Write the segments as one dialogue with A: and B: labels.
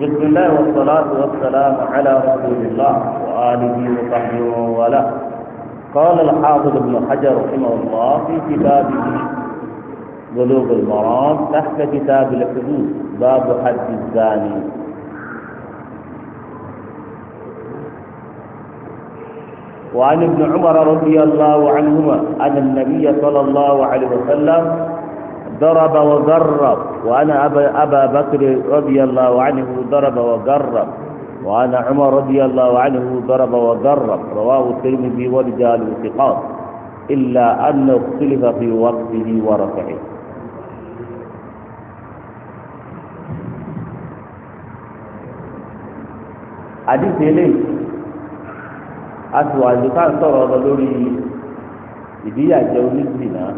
A: بسم الله والصلاة والسلام على رسول الله وآله وصحبه ومن والاه قال الحافظ ابن حجر رحمه الله في كتابه بلوغ المرام تحت كتاب الحدود باب حد الزاني وعن ابن عمر رضي الله عنهما أن النبي صلى الله عليه وسلم ضرب وجرب وأنا أبا, بكر رضي الله عنه ضرب وجرب وأنا عمر رضي الله عنه ضرب وجرب رواه الترمذي ورجال الثقات إلا أنه اختلف في وقته ورفعه إليه أتوا أن كان sọ̀rọ̀ ضروري lórí ìdíyàjẹ́ onídìí náà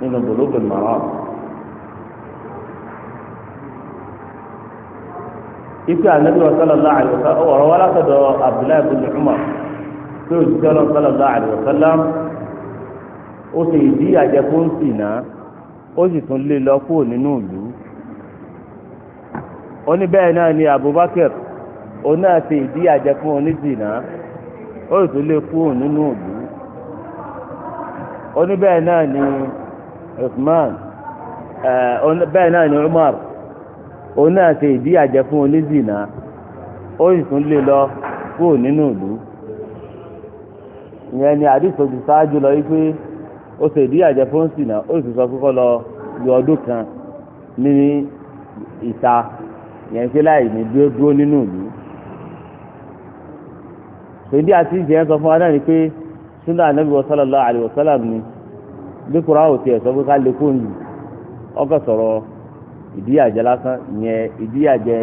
A: nínú gbòlógbòlò المرأة ikú anabi wa sallallahu alayhi wa sallam abdullahi bin umar tó o jùlọ sallallahu alayhi wa sallam
B: ó sì di àjẹkóńsì
A: náà ó sì tún lé lọ kúrò nínú ìlú náà ni abubakar òun náà ìdí àjẹkún onídìínà ó sì tún lé kúrò nínú ìlú ni usman eh, òun náà ṣe ìdí àjẹ fún onízìnà ó sì tún lọ kúrò nínú ìlú ìyẹn ni àdìsọ ti ṣáájú lọ wípé ó ṣe ìdí àjẹ fún sìnà ó sì sọ kókó lọ lu ọdún kan ní ìta yẹn ṣe láì ní dúró dúró nínú ìlú ṣèdí àti ìjẹ́ sọ fún wa náà ni pé sunna anabi wa sallallahu alayhi wa sallam ni bí kura ò tiẹ̀ sọ pé ká lè ọkọ̀ sọ̀rọ̀. ìdíyàjẹ lásán ìyẹn ìdíyàjẹ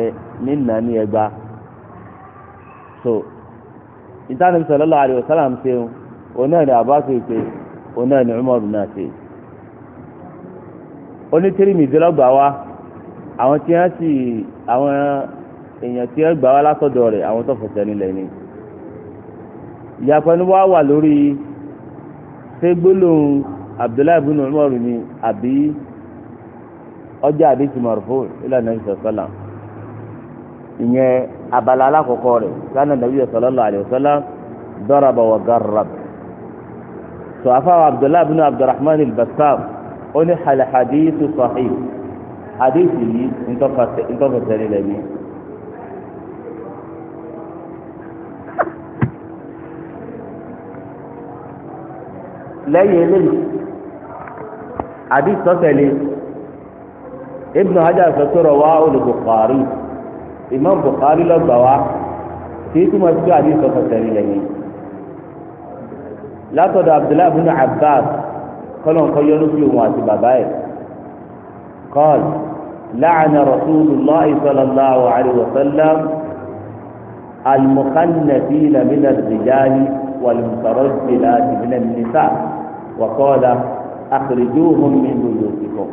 A: nínà ní ẹgba so ìtàn sallallahu alaihi wasallam ṣeun oní ẹni àbáṣe ṣe oní ẹni Umaru náà ṣe onítìrìmìtì lọgbà wa àwọn tí wọn sì àwọn èèyàn tí wọn gbà wá látọ̀dọ̀ rẹ̀ àwọn tó fẹsẹ̀ nílẹ̀ ni ìyàpọ̀ ni wọ́n wà lórí ṣé gbólóhùn Abdullahi ibn Umaru ni àbí ọjà àdìsí marfu' ila nabi sallam ìyẹn abala alákọ̀ọ́kọ́ rẹ̀ lánàá nabi sallallahu alayhi wa sallam daraba wa garrab tó afáwọn abdullahi bin abdulrahman al-bassam ó ní hadithu sahih àdìsí yìí ntọ́fẹsẹ̀ nílẹ̀ mi. lẹ́yìn eléyìí àdìsí sọ́tẹ̀lẹ̀ ibn hajar sọ pé rọwá olùbùkárì imam bukari ló gbà wá kìí túmọ̀ sí pé àdìsọ fẹsẹ̀ rí lẹ́yìn látọ̀dọ̀ abdullahi bin abbas kọ́lọ̀ nǹkan yọ lóṣù òun àti bàbá ẹ̀ kọ́ọ̀lù láàánà rasulullah sallallahu alayhi wa sallam المخنثين من الرجال والمترجلات من النساء وقال أخرجوهم من بيوتكم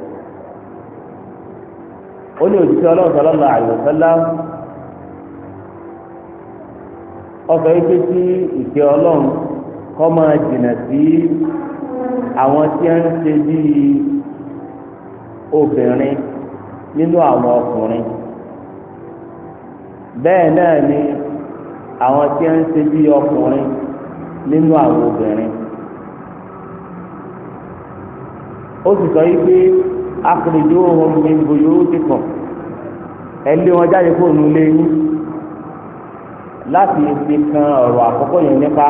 A: ó ní òjijì ọlọ́run sallallahu alaihi wasallam ọsọ yìí pé tí ìkẹ́ ọlọ́run kọ́ máa jìnà sí àwọn tí ń ṣe bíi obìnrin nínú àwọn ọkùnrin bẹ́ẹ̀ náà ni àwọn tí ń ṣe bíi ọkùnrin nínú àwọn obìnrin ó sì sọ yìí pé akhrijuhum min buyutikum ẹ lé wọn jáde kó nu lé yín láti fi kan ọ̀rọ̀ àkọ́kọ́ yẹn nípa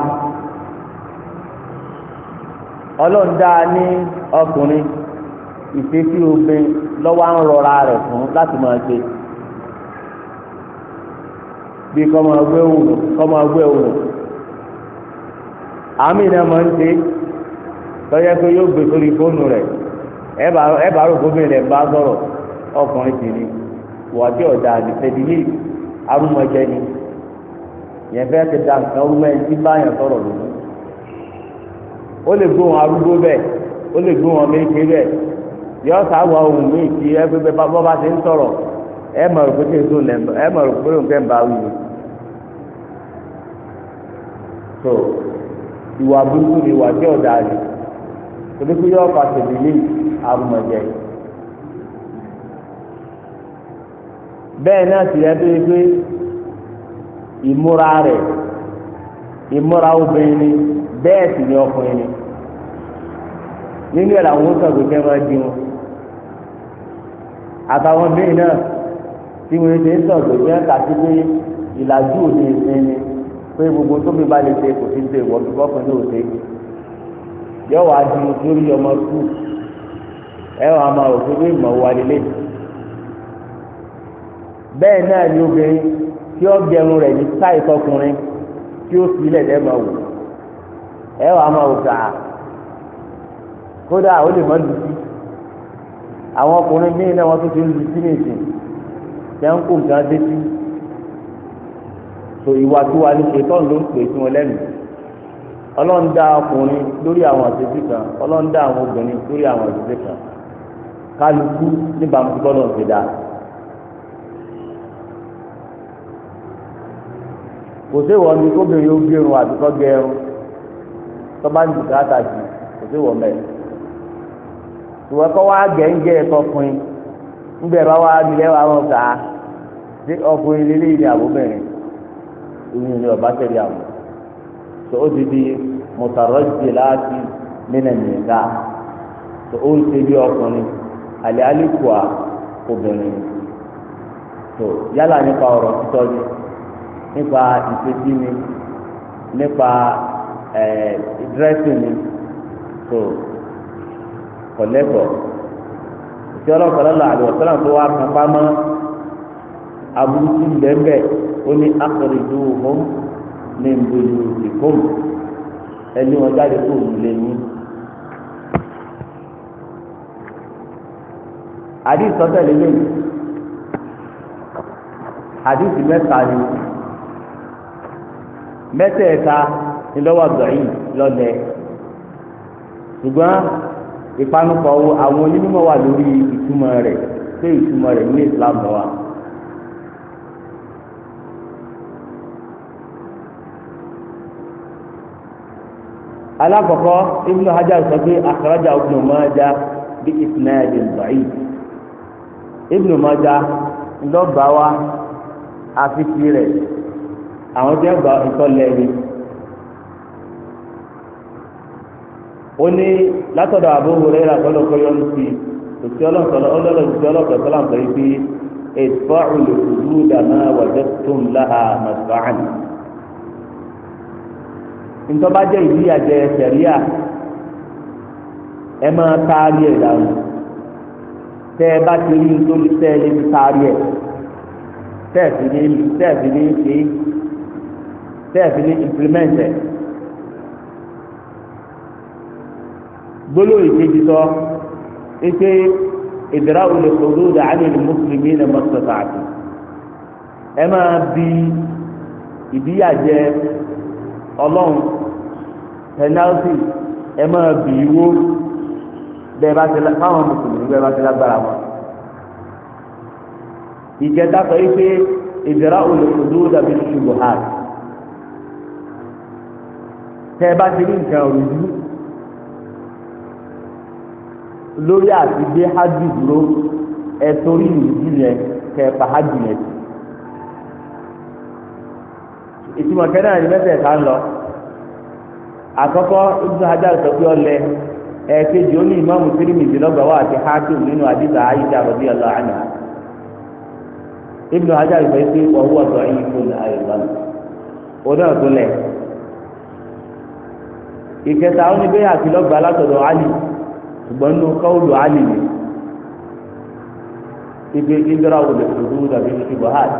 A: ọlọ́run dáa ní ọkùnrin ìfésí obìnrin lọ́wọ́ à ń rọra rẹ̀ fún láti máa ṣe bí kọ́ máa gbé òun kọ́ máa gbé òun àmì náà máa ń ṣe tọ́jà pé yóò gbé sórí fóònù rẹ̀ ẹ bá rò gómìnà ẹ bá sọ̀rọ̀ ọkùnrin sì ni wọ́ọ̀dí ọ̀dà àdìsẹ́dì yìí arúmọjẹ ni yẹn fẹ́ ti da nǹkan ọmọ ẹni tí báyọ̀ sọ̀rọ̀ lòdì ó lè gbóhùn arúgbó bẹ́ẹ̀ ó lè gbóhùn ọmọ èké bẹ́ẹ̀ yọ sáwọ ohun míì tí ẹgbẹ́ bọ́ bá ti ń sọ̀rọ̀ ẹ mọ̀ rò pé kí n tó ẹ mọ̀ rò pé nǹkan bá wù so ìwà burúkú ni ìwà tí ọ̀dà torí pé yọ ọba tèmi lé àrùmọ̀jẹ. bẹ́ẹ̀ náà sì rẹ́ tó yẹ pé ìmúra rẹ̀ ìmúra obìnrin ni bẹ́ẹ̀ sì ni ọkùnrin ni nínú ẹ̀ làwọn sọ̀rọ̀ kẹ́ máa di wọn àtàwọn míì náà tí wọ́n ti ń sọ̀rọ̀ kẹ́ ń kàtí pé ìlàjú òní ìsinmi pé gbogbo tóbi bá lè ṣe kò sí ṣe ìwọ́n kíkọ́ ọkùnrin ò ṣe é yọ wá di lórí ọmọ sùn ẹ wà á máa òfin ìmọ̀ wà lélẹ̀ bẹ́ẹ̀ náà ni obìnrin tí ó gẹrun rẹ̀ ní táì tọkùnrin tí ó fi ilẹ̀ dẹ́ máa wò ẹ wà á máa wò sàá kódà ó lè má lu àwọn ọkùnrin míì náà wọ́n tún ti ń lu nìsín tẹ́ nǹkan dé sí so ìwà tí wà ní ṣe tọ́nù ló ń pè sí wọn lẹ́nu. ọlọ́run ọkùnrin lórí àwọn àṣìṣe kan ọlọ́run àwọn obìnrin lórí àwọn àṣìṣe kan kálukú níbàámu tí bọ́lọ̀ ti ni ó gbẹrun àti kọ́ tọ́ba ń dùkú àtàjì kò séwọ́ mẹ́. ìwọ bá nílẹ̀ ọkùnrin lélẹ́yìn tó ó ti di mùtàrọ́jì láti nínà nìyẹ̀dá tó ó ṣe bí ọkùnrin àlẹ́ alíkùá obìnrin tó yálà nípa ọ̀rọ̀ títọ́ ni nípa ìfetí ni nípa dírẹ́sì ni tó to ìṣe ọlọ́kọ̀ọ́lọ́ àlùwọ̀ sọ́nà tó wá ní nbójú ìkóhùn ẹni wọn jáde tó òun lé ní. àdìs sọ́tẹ̀lẹ̀ lẹ́yìn àdìs mẹ́ta ni mẹ́tẹ̀ẹ̀ta ni lọ́wọ́ àgbẹ̀yìn lọ́lẹ̀ ṣùgbọ́n ìpanupọ̀ àwọn onímọ̀ wà lórí ìtumọ̀ rẹ̀ pé ìtumọ̀ rẹ̀ ní ìsìlámù wa. alakoko ibnu hajar sọ pé akaraja ibnu maja bi isnadin da'if ibnu maja ńlọba wa àfitì rẹ àwọn tí wọn gba ìtọ́lẹ̀ ni ó ní látọ̀dọ̀ Abu Hurairah lọ́kọ́ yọ ní ti òsì ọlọ́sọ̀lọ́ ọlọ́lọ́sì ọlọ́sọ̀lọ́ àgbẹ̀ yìí pé ìfọ́ òlùkùdú dàmà wàjẹ́ tó ń láha ntọ́ba jẹ́ ìdíyàjẹ sẹ̀ríà ẹ máa taari ẹ̀ dànù tẹ́ ẹ bá ti rí nítorí tẹ́ ẹ lè fi taari ẹ̀ tẹ́ ẹ fi ní tẹ́ ẹ fi ní ṣe tẹ́ ẹ fi ní implement ẹ̀. gbólóhùn ìkejì sọ ike ìdíra olè kòdó dàánì ní mùsùlùmí ní mọ́tòtò àti ẹ máa bi ìdíyàjẹ ọlọ́run pẹnáltì ẹ máa bì í wó bẹ́ẹ̀ bá ti fáwọn mùsùlùmí bẹ́ẹ̀ bá ti lágbára wọn. ìkẹta sọ yìí pé ìdíra olùkùdú dàbí ṣubú ha tẹ ẹ bá ti rí nǹkan òrùjú lórí àti gbé hajj dúró ẹ torí ìrújú yẹn kẹ ẹ pa hajj yẹn ìtumọ̀ kẹ́nà ni mẹ́tẹ̀ẹ̀ta ń lọ àkọ́kọ́ ibùdó hajar sọ pé ọlẹ ẹ̀ẹ̀kejì ó ní ìmáàmù Tirmidhi lọ́gbàwá àti Hakim nínú àdìsá Aisha radiyallahu anha ibùdó hajar sọ pé wọ́n wọ́n sọ ẹ̀yìn fún àyẹ̀wọ́n ọdún ọ̀tún lẹ̀ ìkẹta ó ní bẹ́ẹ̀ àti lọ́gbà Ali ṣùgbọ́n nínú kọ́ọ̀lù Ali ni ibi ìdúrà wò lè fòdú dàbí ṣubú hajj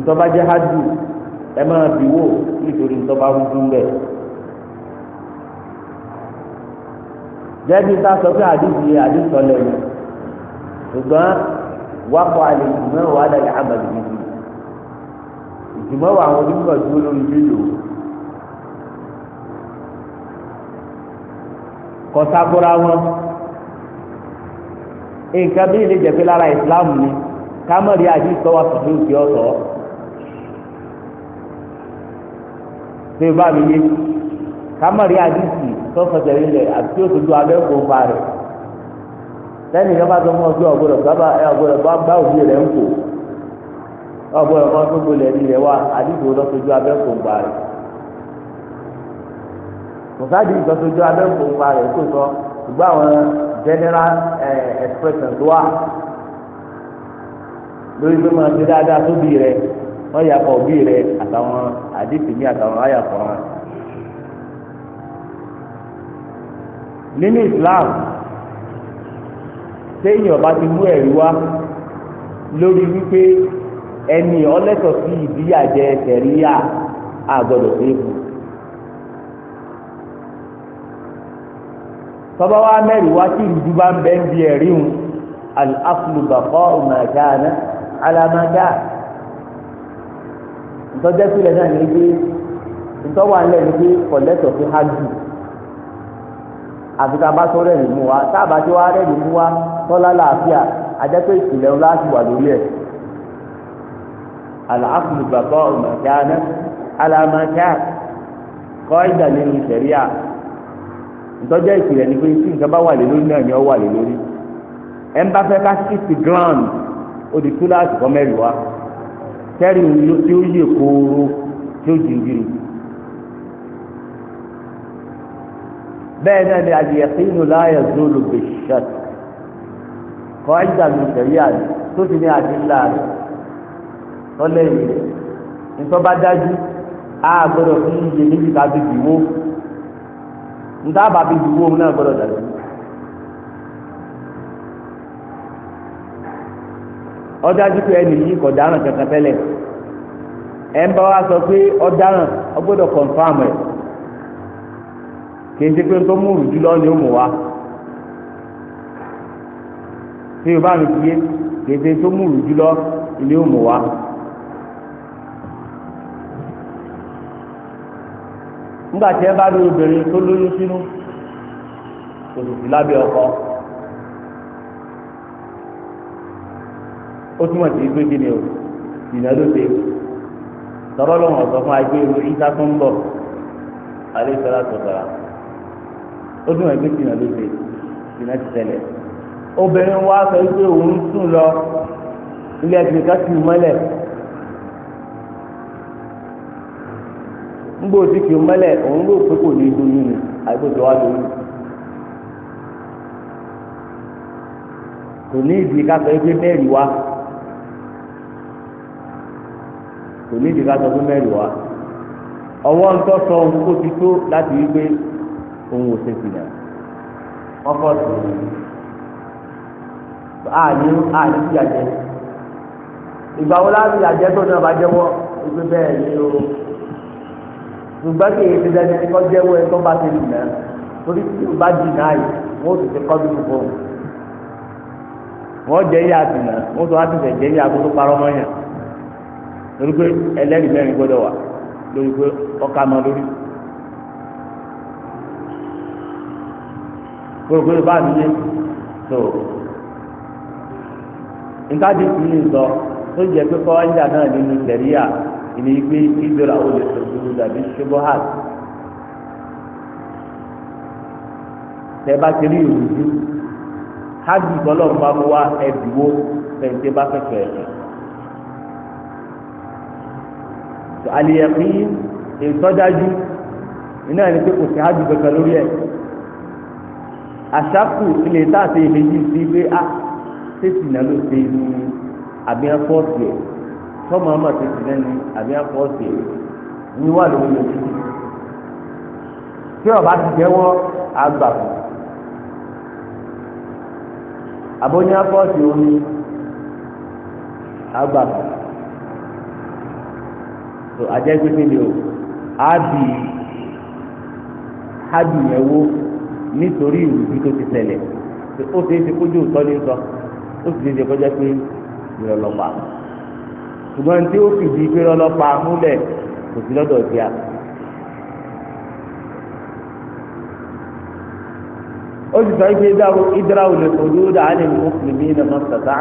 A: ntọ́bajẹ́ hajj ẹ máa bí wò nítorí tó bá wúdú ń bẹ̀. jẹ́bi tá a sọ pé àdìsí àdìsọ lẹ́yìn ṣùgbọ́n wákọ̀ àlè ìgbìmọ̀ wà lẹ́yìn àmàlì bíbí ìgbìmọ̀ wà àwọn onímọ̀ dúró lórí lílo. kọ́sábúra wọn nǹkan bí ilé jẹ́ lára ìsìláàmù ni ká mọ̀ rí àdìsọ wa sọ̀tún kí ọ sọ̀ọ́. ṣé bá mi yé kámọ̀rí àdìsí tó fẹsẹ̀ rí lẹ̀ àti tí ó ti lu abẹ́ kó ń fa rẹ̀ lẹ́nu ìjọba tó mọ̀ sí ọ̀gbọ́dọ̀ bá ọ̀gbọ́dọ̀ bá bá òbí rẹ̀ ń kó ọ̀gbọ́dọ̀ bá tó gbolẹ̀ ní rẹ̀ wá àdìsí ó lọ́sọ̀jú abẹ́ ń mùsàdì abẹ́ ń sọ àwọn general expression tó wà lórí pé wọ́n yà kọ́ bí rẹ̀ àtàwọn àdìsí mi àtàwọn àyà kọ́ wọn. nínú Islam téèyàn bá ti mú ẹ̀rí wá lórí wípé ẹni ọlẹ́tọ̀ sí ìdíyàjẹ tẹ̀ríyà àgọ́dọ̀ séèkù. tọ́ba wa mẹ́rin wá sí ìdúdú bá ń bẹ́ ń bí ẹ̀rí hùn al-aslu baqa'u ma kana ala ma kana. ìtọ́jẹ́ sílẹ̀ náà ní pé ìtọ́wà ńlẹ̀ ní pé kọ̀lẹ́tọ̀ fi há jù àfi ká tó rẹ̀ nínú wa tá a bá tó wá rẹ̀ nínú wa tọ́lá làáfíà àjẹpẹ́ ìpìlẹ̀ ńlá ti wà lórí ẹ̀ àlàáfíà bàbá ọ̀mọ̀dáná alàmàdá kọ́ ìdà nínú ìṣẹ̀ríà ìtọ́jẹ́ ìpìlẹ̀ ní pé tí nǹkan bá wà lé lórí náà ni wà lé lórí ẹ̀ ń bá fẹ́ ká mẹ́rin tẹ́rì ló tí ó yè tí ó jìnjìn. bẹ́ẹ̀ náà ni àdìyẹ̀kínú láàyè zolo bẹ̀ṣẹ̀t kọ́ ẹ̀dá mi tẹ̀lé tó ti ní àdìlá rẹ̀ tọ́lẹ́yìn rẹ̀ nítorí bá dájú á gbọ́dọ̀ fún iye méjì tàbí ìdìwó náà gbọ́dọ̀ dájú. ọdájú pé ẹni yìí kò dáràn kankan tẹ́lẹ̀ ẹ̀ ń bá wa sọ pé ọ̀daràn ọgbọ́dọ̀ confam ẹ̀ kì í ṣe pé tó mú rùjú lọ ni ó mú wa tí o bá mi fi yé kì í ṣe tó mú rùjú lọ ni ó mú wa. nígbà tí ẹ bá rí obìnrin tó lóyún sínú kò sì sí lábẹ́ ọkọ. ó túmọ̀ sí pé kí ni o ìdìnnà ló ṣe tọrọ lọ́wọ́ ọ̀sọ́ fún ajé irú ìta tó ń bọ̀ alẹ́ sọ́ra sọ̀tara ó túmọ̀ pé ìdìnnà ló ṣe ìdìnnà ti tẹ̀lẹ̀ obìnrin wa sọ pé òun sùn lọ ilé ẹ̀sìn ká sì mọ́lẹ̀ ńgbò tí kì í mọ́lẹ̀ òun ló pé kò ní lóyún ni àgbèjọ wa lóyún. kò ní ìdí ká sọ mẹ́rin wa. kò ní ìdíkà sọ fún mẹ́rin wa ọwọ́ ńtọ́ sọ ohun kó ti tó láti rí pé òun ò ṣe fìlà wọ́n kọ́ sí i àní àní sí àjẹ ìgbà wo láti àjẹ tó náà bá jẹ́wọ́ ìgbé bẹ́ẹ̀ ni o ṣùgbọ́n kì í ṣe dẹ́ni kọ́ jẹ́wọ́ ẹ tó bá ṣe fìlà torí tí o bá dì náà yìí wọ́n sì ti kọ́ bí gbogbo wọn jẹ́ yíyá àtìmọ́ wọ́n tó wá ti fẹ̀ jẹ́ yíyá gbogbo parọ́ mọ́yàn. torí pé ẹlẹ́rìí mẹ́rin gbọ́dọ̀ wà lórí pé ọkà máa lórí. gbogbo bá mi yé tó ntáàdì tí mi sọ tó jẹ pé kọ́wájà náà nínú sẹ̀ríà ìní pé ìdúrà ó lè tòkúrú dàbí ṣubọ́hà tẹ bá ti rí wá bá àlìyẹ̀kí ìtọ́jájú iná ẹni pé kò sí ájú kankan lórí ẹ̀ àṣàkù ilẹ̀ tá a ṣe ìmẹ́jì sí pé a tètè náà ló ṣe ní àbí ẹ fọ́ọ̀sì ẹ̀ tọ́mọ ọmọ tètè náà ní àbí ẹ fọ́ọ̀sì ẹ̀ ní wà lórí ẹ̀ tí ọba ti jẹ́wọ́ àgbà fún abóyá fọ́ọ̀sì omi àgbà fún tó ajá pépé ni o ábì ábì yẹn wó nítorí ìrùbí tó ti ṣẹlẹ̀ ó ṣeé ṣe kójú òtọ́ ní sọ ó sì ṣeé ṣe kọjá pé ìrọ̀lọ́pàá ṣùgbọ́n tí ó fìdí pé ìrọ̀lọ́pàá múlẹ̀ kò sí lọ́dọ̀ sí a. ó sì sọ pé ìdáwó lè fojú dáhà ní mùsùlùmí ní mọ́tàtà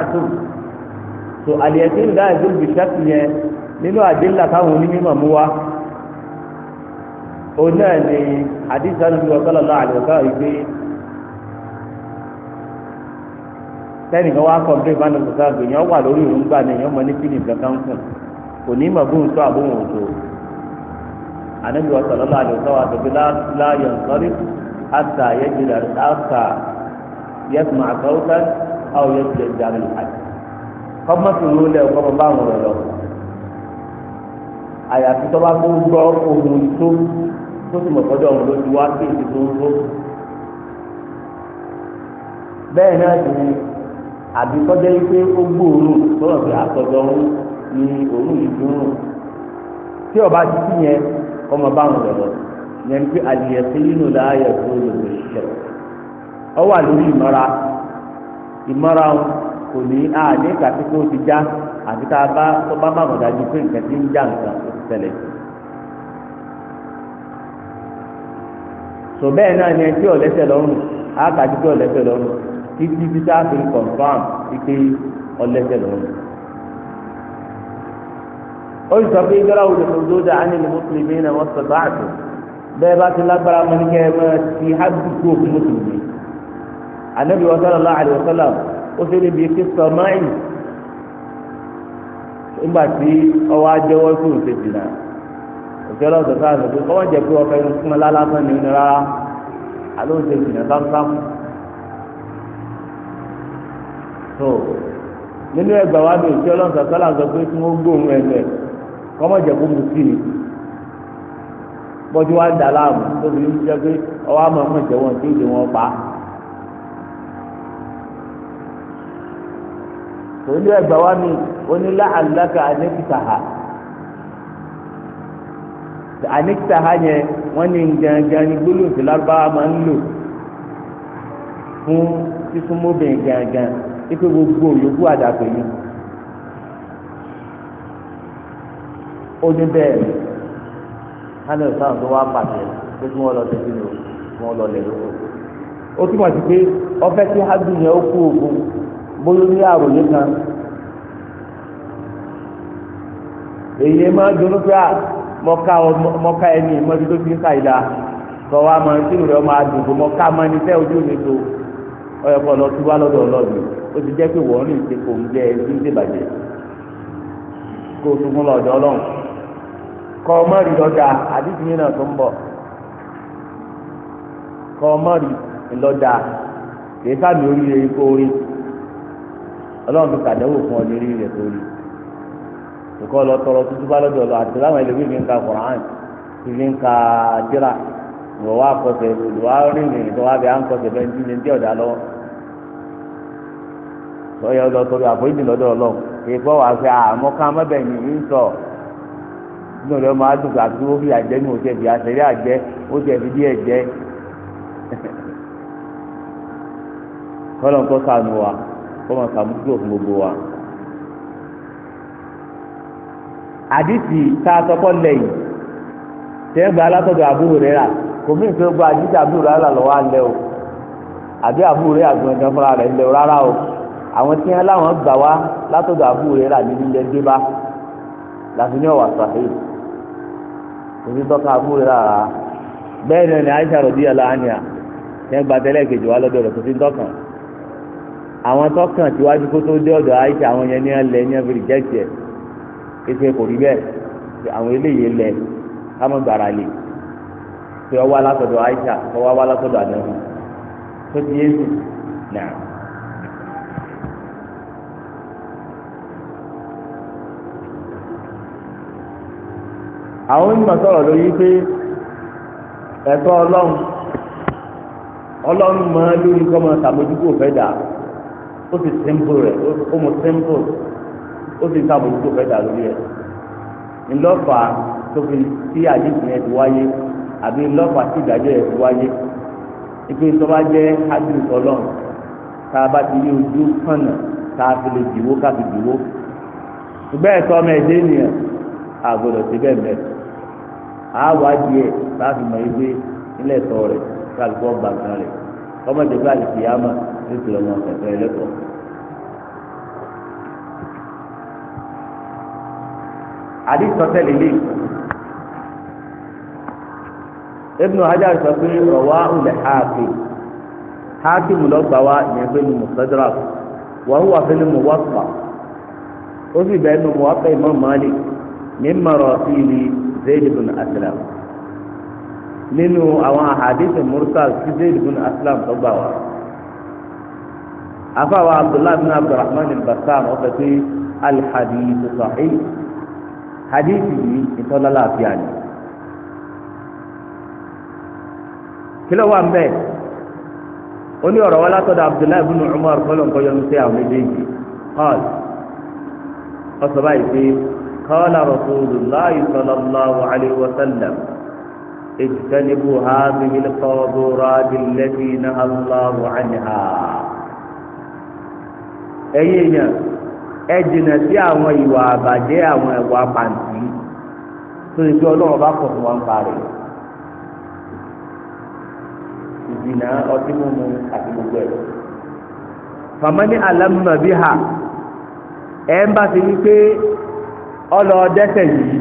A: tó àlìyé tí ń dá ìdúró bìṣẹ́ nínú àdéhùn táwọn onímọ̀ mú wa òun náà ni àdìsá lórí ọ̀sọ́lọ̀ náà àdìsá yìí pé sẹ́nìkan wá kọ́ bí ìbánu kò sáà gbìyànjú wà lórí òun gbà ní ìyọ́mọ ní fílì kankan kù kò ní mọ̀ bóun tó àbóhùn òjò ànábi ọ̀sọ̀lọ́ náà àdìsá wa tóbi láàyò nsọ́rí àtà yẹ́jìlá àtà yẹ́sùn àtọ́wọ́sán àwọn yẹ́jìlá ìdàrí àti kọ́mọ́sùn ló lẹ́wọ́ kọ́mọ́ bá àwọn ọ̀rọ̀ lọ́wọ́. àyàfi tó bá tó gbọ́ ohun tó tó ti mọ̀ sọ́dọ̀ ọ̀hún ló ti wá sí èsì tó ń tó. bẹ́ẹ̀ náà sì ni àbí tọ́jọ́ yìí pé ó gbòòrùn tọ́lọ̀ fi àtọ́jọ́ tí ọba ti sí yẹn ọmọ bá lọ yẹn pé nínú láàyè tó lè ṣiṣẹ́. ọ wà lórí ìmọ̀ra ìmọ̀ra kò ní àti tá a bá tó bá má mọ̀dá ju pé nǹkan ti ń já nǹkan ó ti tẹ̀lé. sọ bẹ́ẹ̀ náà ni ẹtí ọ̀lẹ́sẹ̀ lọ́rùn àkàtí tí ọ̀lẹ́sẹ̀ lọ́rùn títí tí tá a fi confam pé ọ̀lẹ́sẹ̀ lọ́rùn. ó sọ pé ìjọba wo lòun tó anyị ní mùsùlùmí náà na sọ báàtò bẹ́ẹ̀ bá ti lágbára mọ́ ní kẹ́ ti nígbà tí ọwọ́ ajẹ́wọ́ tó ń ṣe jìnnà òṣèlú ọlọ́sọ̀ sáà ló pé ọwọ́ jẹ́ pé ọkọ̀ ẹni fún ọlá lásán ni rárá àló ń ṣe jìnnà sáfúsáfú. tó nínú ẹgbà wa mi òṣèlú ọlọ́sọ̀ sáà lásán pé kí wọ́n gbóhùn ẹgbẹ́ kọ́mọ̀ jẹ́ kó mu sí ni bọ́jú wa ń dà láàmú tóbi ń jẹ́ pé ọwọ́ àmọ́ ọmọ ìjẹ́wọ́n tí ó pẹ̀lú ẹgbà wa ni onílà àlùlákà àníkìtàhà àníkìtàhà yẹn wọ́n ní gangan ní gbólóhùn tí lárúbáwá máa ń lò fún gbogbo yòókù àdàpè yìí hánà ìsáhùn tó wá pàṣẹ pé kí lọ sí sínú kí lọ lóko ó yẹn ó kú òògùn. bóyá ní àròyé kan èyí máa ń dunú pé ah, mọ́ká ẹni ìmọ̀jú tó fi ń ṣàìdá tọ́wọ́ àmọ́ ìṣirò rẹ̀ máa dùn kó mọ́ká máa ní tẹ́ ojú mi tó ọ̀yọ̀kọ̀ lọ wá lọ́dọ̀ ó ti jẹ́ pé wọ́n rìn kò ń jẹ ẹni bàjẹ́ kó o tún fún lọ́dọ̀ ọ lọ́dà àdìsí ọ lọ́dà ọlọ́run ti kàdéwò fún ọ lérí rẹ̀ torí ìkọ́ lọ tọrọ tuntun bá lọ́dọ̀ lọ àti láwọn ẹlòmíì fi ń ka Quran fi ń ka àdìrà ìwọ wa kọsẹ̀ ìlú wa rí ìrìn tó wá bẹ à ń kọsẹ̀ bẹ́ẹ̀ ní ní ọ̀dà lọ́wọ́ lọ́yọ̀ lọ tọrọ àforíjì lọ́dọ̀ ọlọ́run ìfọ́ fẹ́ sọ máa dùn fi àjẹ́ bí àjẹ́ ó kó máa sàmójútó fún gbogbo wa. àdìsí tá a sọkọ lẹ́yìn tẹ́ gba alátọ́dọ̀ àbúrò rẹ rà kò mí nǹkan gba àdìsí àbúrò rẹ rà lọ́wọ́ alẹ́ o àbí àbúrò rẹ àgbọn ẹ̀gbọ́n fúnra rẹ̀ lẹ́ o rárá o àwọn tí wọn láwọn gbà wá látọ̀dọ̀ àbúrò rẹ rà níbi ilẹ̀ débá láti ní ọ̀wà sàfihàn òbí tọ́ka àbúrò rẹ rà bẹ́ẹ̀ ni Aisha rọ̀bí aláhàníà tẹ́ gba tẹ́lẹ̀ kejì wá lọ́dọ̀ rẹ̀ kò sí tọ́kàn. àwọn tọkàn tiwájú kó tó dé ọ̀dọ̀ àìsí àwọn yẹn ní ẹlẹ ní ẹbí rìjẹtì ẹ kéṣe rí bẹ́ẹ̀ àwọn eléyìí lẹ kámọ gbàrà lè pé ọwọ́ alásọdọ àìsí ọwọ́ awọ alásọdọ àdéhùn tó ti yé sùn náà. àwọn onímọ̀ sọ̀rọ̀ lórí pé ẹ̀tọ́ ọlọ́run ọlọ́run máa lórí kọ́mọ dà ó sì simple rẹ̀ ó mu simple ó sì ta àbùkù tó fẹ́ dà lórí rẹ̀ ńlọ́fà tó fi tí àdìsí yẹn ti wáyé àbí ńlọ́fà tí ìdájọ́ yẹn ti wáyé ipe ìtọ́ba jẹ́ adùn ọlọ́run tá a bá ti rí ojú kànnà tá a fi lè dìwó ká fi dìwó ṣùgbọ́n ẹ̀tọ́ ọmọ ẹ̀dẹ́ ènìyàn àgọ́dọ̀ ti bẹ́ẹ̀ mẹ́rin àwa díẹ̀ láti mọ̀ ẹgbẹ́ nílẹ̀ tọ́ rẹ̀ kálukọ́ gbàgbọ́n rẹ̀ ọmọdé bá lè fi yá mọ̀ títí ọmọ kẹkẹ ẹlẹ́kọ̀ọ́. àdìsọ́tẹ̀lì lè Ibn Hajar sọ pé ọ̀wá ulẹ̀ háàkì háàkì mu lọ́gbà wa ìyẹn pé mu mustadrak wa huwa fi ni muwatta ó sì bẹ́ẹ̀ nu muwatta Imam Malik min marasili Zayd ibn Aslam nínú àwọn àhàdìsì mursal sí Zayd ibn tó gbà wá afaawa abdullahi bin abdulrahman al-bassam ọ̀fẹ́ pé alhadithu sahih hadithi yìí ìtọ́lá láàfíà ni. kílọ̀ wà mbẹ́ ó ní ọ̀rọ̀ wa látọ̀dọ̀ abdullahi bin umar kọ́lọ̀ nǹkan yọnu sí àwọn méjèèjì qala ọ̀sọ̀ báyìí pé qala sallallahu alayhi wa sallam ijtanibu hadhihi al-qadurati allati naha Allahu anha ẹ̀yin èèyàn ẹ jìnà sí àwọn ìwà àbàjẹ́ àwọn ẹ̀wà pàǹtí tó ti fi ọlọ́run bá pọ̀ fún wọn parí ìdìnnà ọtí mímu àti gbogbo ẹ̀. famani alamma biha ẹ̀ ń bá ti wí pé ọlọ dẹ́ṣẹ̀ yìí.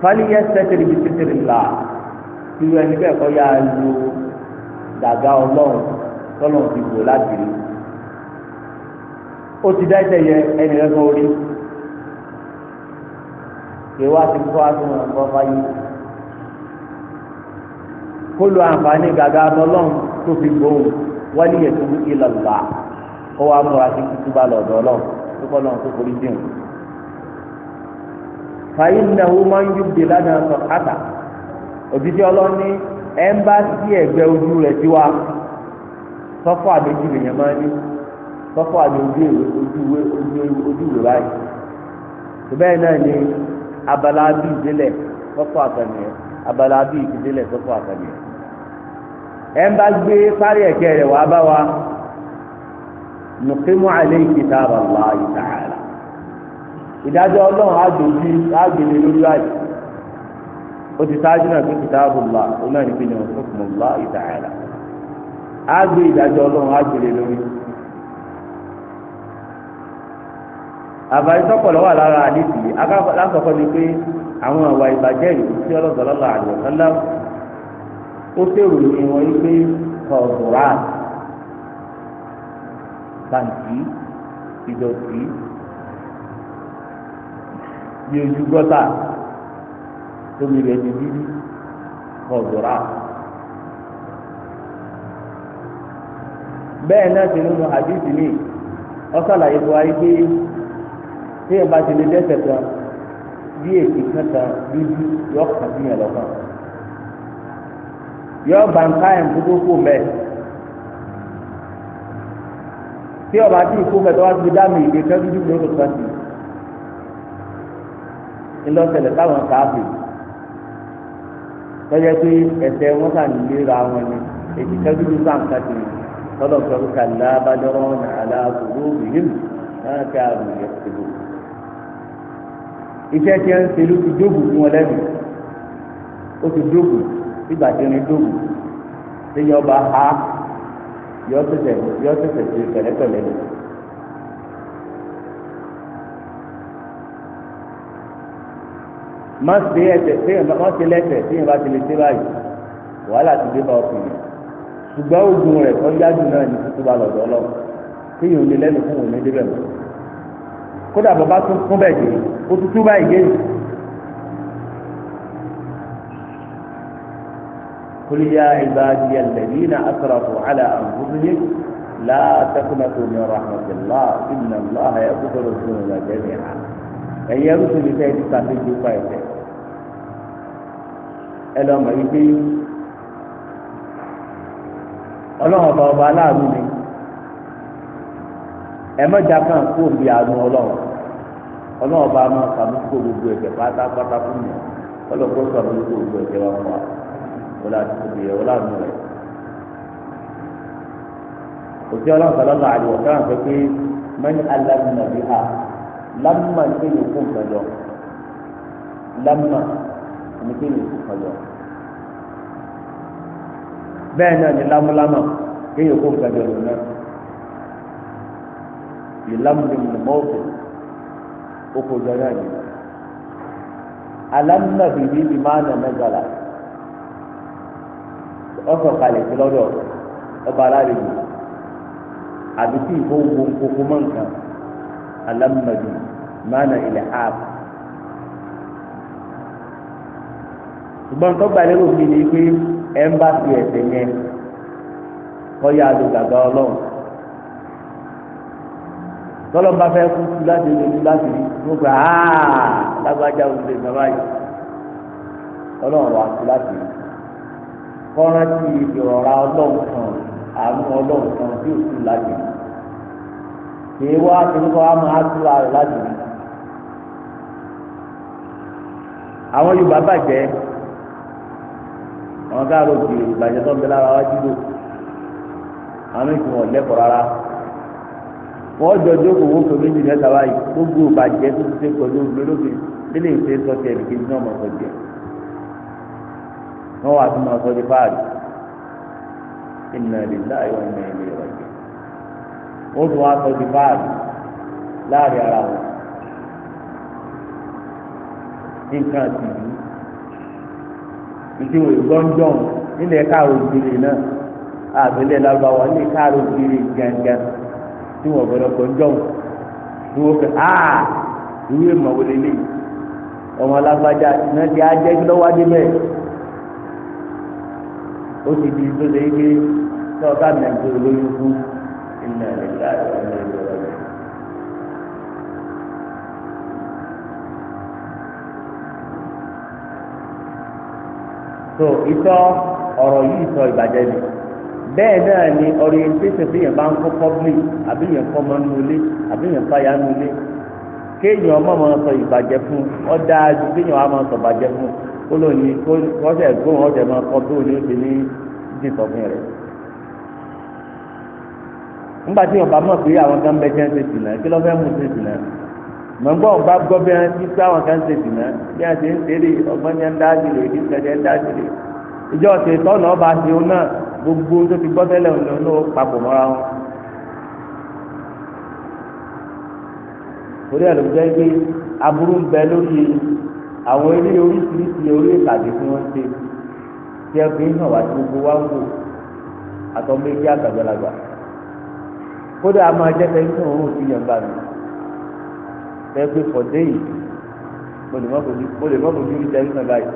A: fali yẹ sẹtiri bi sẹtiri la tiwẹ níbẹ̀ kọ́ yà lu. Gaga ọlọ́run tọ́lọ́run ti wò láti ó ti dá ẹsẹ̀ yẹ kan orí kí ti kó aṣọ wọn fáyé kó lo àǹfààní gàgá ọlọ́run tó fi gbóhùn wọ́n ní ètò ìlọ̀lá kó wá múra sí kíkúbà lọ́dọ̀ ọlọ́run tó kọ́ lọ́run tó forí dìrò fàyín náà wọ́n máa ń lánàá sọ̀kátà ẹmbásí ẹgbẹ́ ojú rẹ̀ ti wá sọ́fọ́ àbẹ́jì lèèyàn máa ní sọ́fọ́ àbẹ́jì ojúwe ojúwe báyìí bẹ́ẹ̀ náà ni abala bí ìdílẹ̀ sọ́fọ́ àtànìyàn abala bí ìdílẹ̀ sọ́fọ́ ẹnba gbé ẹ̀kẹ́ rẹ̀ wá bá wa nùkímù alayhi kitab Allah ta'ala ìdájọ́ ọlọ́run á dòbí lórí ó ti sáájú náà fi kitabullah ó náà ní pé ní hukmullahi ta'ala á gbé ìdájọ́ ọlọ́run á gbélé lórí. wà lára àdìsí alákọ̀ọ́kọ́ ni pé àwọn àwa ìbàjẹ́ ìlú tí ó ní wọn kọ̀ọ̀dùrà gọ́tà tóbi rẹ̀ ti dídí ọ̀dọ̀rà. bẹ́ẹ̀ náà ti nínú àdìsí mi ọ̀sàlàyé bu ayé pé tí ẹ bá ti lè dẹ́sẹ̀ kan bí èsì kẹta dúdú yọ kàn sí yẹn lọ́kàn yọ bàǹkà ẹ̀ ń dúró kó mẹ́ẹ̀ tí ọba tí ìkó mẹ́tọ́ wá ti dá mi ìgbésẹ́ dúdú lórí kan sí i ńlọ́sẹ̀lẹ̀ táwọn kàá bèèrè. tọ́jà pé ẹsẹ̀ wọn kà wọn ni èyí kẹ́kẹ́ sàn ká ti tọ́lọ̀ kàlá bàdọ́rọ́ nà àlà àbúrò náà kí a rò yẹ kúrò. iṣẹ́ tí ń ṣe ló ti dógùn fún wọn lẹ́nu ó ti ìgbà tí ń yọba ha yọ tẹ̀sẹ̀ ṣe má ṣe ẹsẹ̀ téèyàn má ṣe lẹ́sẹ̀ téèyàn bá ti lè ṣe báyìí wàhálà ti dé bá ọkùnrin ṣùgbọ́n oògùn rẹ̀ tó yájú náà ní tuntun bá lọ́dọ̀ ọlọ́run téèyàn ò lè lẹ́nu fún òun ní débẹ̀ mọ́ kódà bàbá tún fún bẹ́ẹ̀ dé ó tutù báyìí dé قل يا عبادي الذين أسرفوا على أنفسهم لا تقنطوا من رحمة الله إن الله يغفر الذنوب جميعا ẹ̀yẹ́ rúṣin ní sẹ́yìn ti sàbẹ̀jì pa ẹ̀sẹ̀ ẹlọmọ yìí pé ọlọ́run ọba ọba aláàánú ni ẹ̀mọ́jà kan kú òbí àánú ọlọ́run ọlọ́run ọba máa sàmúkò gbogbo pátápátá fún mi gbogbo ẹ̀kẹ́ wa fún wa wọlé àtúntò yẹ wọlé àánú rẹ òtí ọlọ́run pé mẹ́ni ha ẹni pé yóò kó kọjọ bẹ́ẹ̀ náà ní lámúlámà pé yóò kó kọjọ lò náà lè lámúlémù lè mọ́ òkè ó kọjọ náà yìí alámúnàbìbí ni máa nà mẹ́gbàlá ọkọ̀ kalẹ̀ sí lọ́dọ̀ ọba aláàrẹ̀gbẹ̀ àbí tí ìfowópamọ́ kókó mọ́ nǹkan máa nà ilẹ̀ áàpù. ṣùgbọ́n tó gba lérò mi ni pé ẹ ń bá fi ẹsẹ̀ yẹn kọ́yà lò gàgà ọlọ́run tọ́lọ́ bá fẹ́ kú sí láti lórí láti rí wọ́n gba áá lágbájá olùdè bàbá yìí ọlọ́run wà sí láti rí kọ́ran tí ìrọ̀ra ọlọ́run kan àánú ọlọ́run kan tí ò sí láti rí kìí wá kíkọ́ á máa túra rẹ̀ láti rí àwọn Yorùbá bàjẹ́ àwọn káàró ti ìbàjẹ́ tó ń bẹ lára wa jí lò àwọn ìtumọ̀ lẹ́kọ̀ọ́ rárá wọ́n jọ jókòó wọ́n tó méjì mẹ́ta báyìí gbogbo ìbàjẹ́ tó ti ṣe pẹ̀lú olólùfẹ́ lílé ìfẹ́ sọ́kẹ́ ẹ̀rìkejì náà mọ̀ sọ́jẹ́ wọ́n wà tó mọ̀ sọ́jẹ́ fáàlì inna lillahi wa inna ilayhi raji'un wọ́n tún wá sọ́jẹ́ fáàlì láàrin ara wọn nǹkan àtìjú ìdíwò ìgbọ́njọ́ nílẹ̀ káàró gbére náà àbílẹ̀ lárúbáwá nílẹ̀ káàró gbére gángan tí wọ́n gbọ́dọ̀ gbọ́njọ́ tí wọ́n fẹ́ aa ìwé ìmọ̀wòlé lè ọmọ alágbájá náà ti ajẹ́ lọ́wọ́ adébẹ̀ ó ti di tó lé gbé tí ọba nàìjíríà lóyún fún ìlànà ìlànà ìlànà ìlànà. so ìtọ́ ọ̀rọ̀ yìí sọ ìbàjẹ́ ni bẹ́ẹ̀ náà ni orientation bí yẹn bá ń kó public àbí yẹn kọ́ ọmọ nulẹ̀ àbí yẹn fàyà nulẹ̀ kéèyàn ọmọ máa sọ ìbàjẹ́ fún ọ dáa ju kéèyàn á sọ ìbàjẹ́ fún kó ló ní kó ṣe gbóhùn ma máa kọ́ tó ní oṣù ní ìdìsọ̀fún rẹ̀ nígbà tí yọ̀ọ̀bá mọ̀ pé àwọn kan ń ṣe kí mọ̀gbọ́n bá gbọ́ bí wọ́n ti sáwọn kan ṣe dìnnà bí wọ́n ti ń tẹ̀lé ọgbọ́n yẹn ń dájú lè ní sẹ́jẹ́ ń dájú lè ìjọ ọ̀sẹ̀ tọ́nà ọba ṣe òun náà gbogbo tó ti gbọ́ tẹ́lẹ̀ òun ló papọ̀ mọ́ra wọn. orí ẹ̀ ló jẹ́ pé aburú ń bẹ lórí àwọn eré oríṣiríṣi orí ìtàgé tí wọ́n ṣe tí ẹ fi ń hàn wá sí gbogbo wa wò àtọ́mọ́ ẹgbẹ́ àgbàgbàlagbà kódà a máa jẹ́ pé ń sọ̀rọ̀ òun ò lẹ́gbẹ́ fọ̀dé yìí o lè má fojú rí tẹ́lifíṣàn báyìí.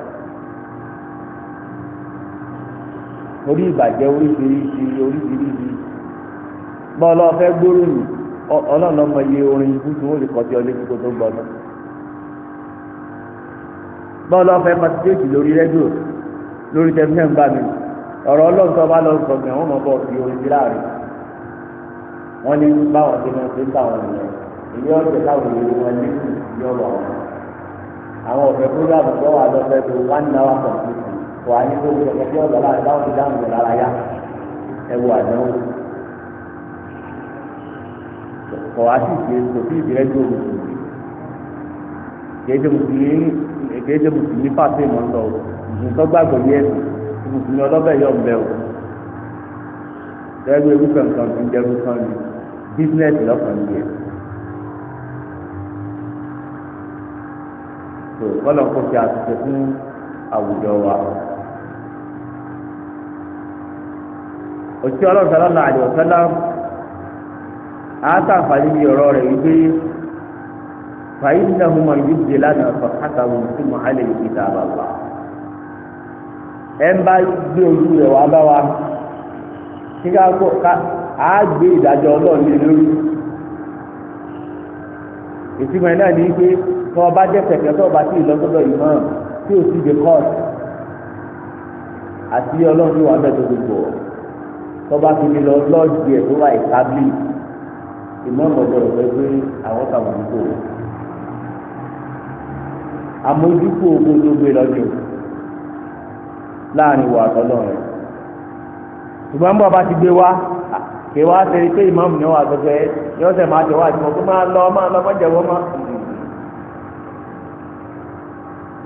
A: orí ìbàjẹ́ oríṣiríṣi oríṣiríṣi bọ́ ọlọ́run fẹ́ gbóríyìn ọlọ́run ọmọ iye orin ikú wọ́n lè kọ́ sí tó gbọ́dọ̀. lórí rédíò lórí mí ọ̀rọ̀ lọ sọ̀gbìn àwọn ọmọ bọ̀ fi orin sí láàrin wọ́n ní báwọn ti máa ń ń ìyá ọ̀jẹ̀ káwọn èèyàn wọn ní ìyọ̀rọ̀ àwọn ọ̀fẹ́ programu tó wà lọ́fẹ́ tó one hour complete kò á ní kó o kẹ̀kẹ́ tí ọ̀dọ̀ láti báwọn ti dáhùn ìrọ̀lá ara yá ẹ wo àdánwò kò á sì ṣe kò sí ìbílẹ̀ tó o kù kéde mùsùlùmí kéde mùsùlùmí pàṣẹ ìmọ̀tọ̀ nǹkan gbàgbọ́ yẹ mùsùlùmí ọlọ́bẹ̀ yọ̀ ń bẹ̀ o tẹ́gbẹ́ irúfẹ́ nǹkan ti ń jẹ́ irúfẹ́ nǹkan bísíǹnẹ̀sì lọ́kàn yẹn. tó kọ́lọ̀ kó ṣe àtúnṣe fún àwùjọ wa. òtí ọlọ́run sálọ́lá àdìọ́sálá àtàǹfààní ní ọ̀rọ̀ rẹ̀ wípé fàyínà hùmà yíjì lánàá fàkàtà wù sí mọ̀hálẹ̀ ìkìtà bàbà. ẹ ń bá gbé ojú rẹ̀ wá bá wa kí ká gbé ìdájọ́ ọlọ́run lé lórí. ìtumọ̀ náà ní pé tó o bá jẹ́ kẹ̀kẹ́ tó o bá ti ìlọsọ́dọ̀ ìmọ̀ tí o ti dé kọ́ọ̀tù àti ọlọ́run tí wà á bẹ̀rẹ̀ gbogbo ọ̀ tó o bá fi mi lọ lọ́ọ̀dì ẹ̀ tó wà ìkábílì ìmọ̀ ọ̀gbọ̀dọ̀ pé pé àwọn kàmójúkò àmójúkò owó tó gbé lọ́jọ́ láàrin wà àtọ́lọ́run ṣùgbọ́n bọ́ ọba ti gbé wá. kí wá ṣe pé ìmáàmù ni wà gbẹgbẹ yóò ṣe máa jẹwọ́ àti mọ̀kú máa lọ máa lọ mọ́jẹ̀wọ́ mọ́.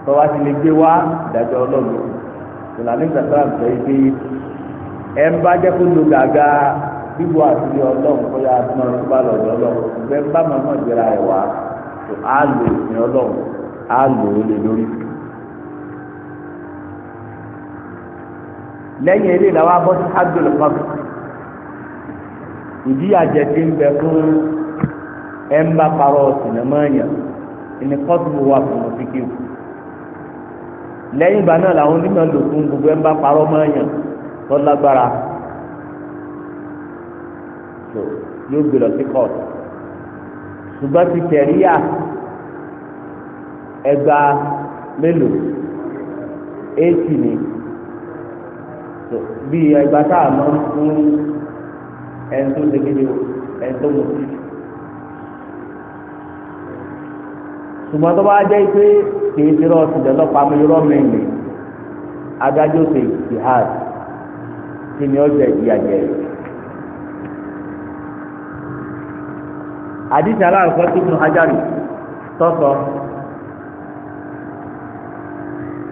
A: tọ́wá ti lè gbé wá ìdájọ́ ọlọ́run ìlànà ìgbàgbọ́n àgbẹ̀ yìí pé ẹ ń bá jẹ́ kó lo gàgà bíbu àti ọlọ́run kó yá tó bá lọ lọ́lọ́ ìgbẹ́ ń bá ẹ̀ wá á lò ní ọlọ́run á lò ó lórí. lẹ́yìn eléyìí làwọn ìdíyàjẹ ti ń bẹ fún ẹnba parọ sinamanya ẹni kọtùbù wà fún ọsíkìw lẹ́yìn ìgbà náà làwọn onímọ̀ lò fún gbogbo ẹnba parọ manya tó lágbára yóò gbé sí kọ́ọ̀tù ṣùgbọ́n ti tẹ̀ríyà ẹgba mélòó éèkì ni bíi ẹgba tá a máa fún ẹni tó ṣe kéde o ẹni tó mọ̀ sí. ṣùgbọ́n tó bá jẹ́ pé kì í ṣerọ́ ṣùgbọ́n lọ́pàá mi rọ́ mẹ́rin adájọ́ ṣe jihad kí ni ọjà ìyàjẹ́ rẹ̀. àdìsí aláàkọ́ tí ibùdó hajjari tọ́sọ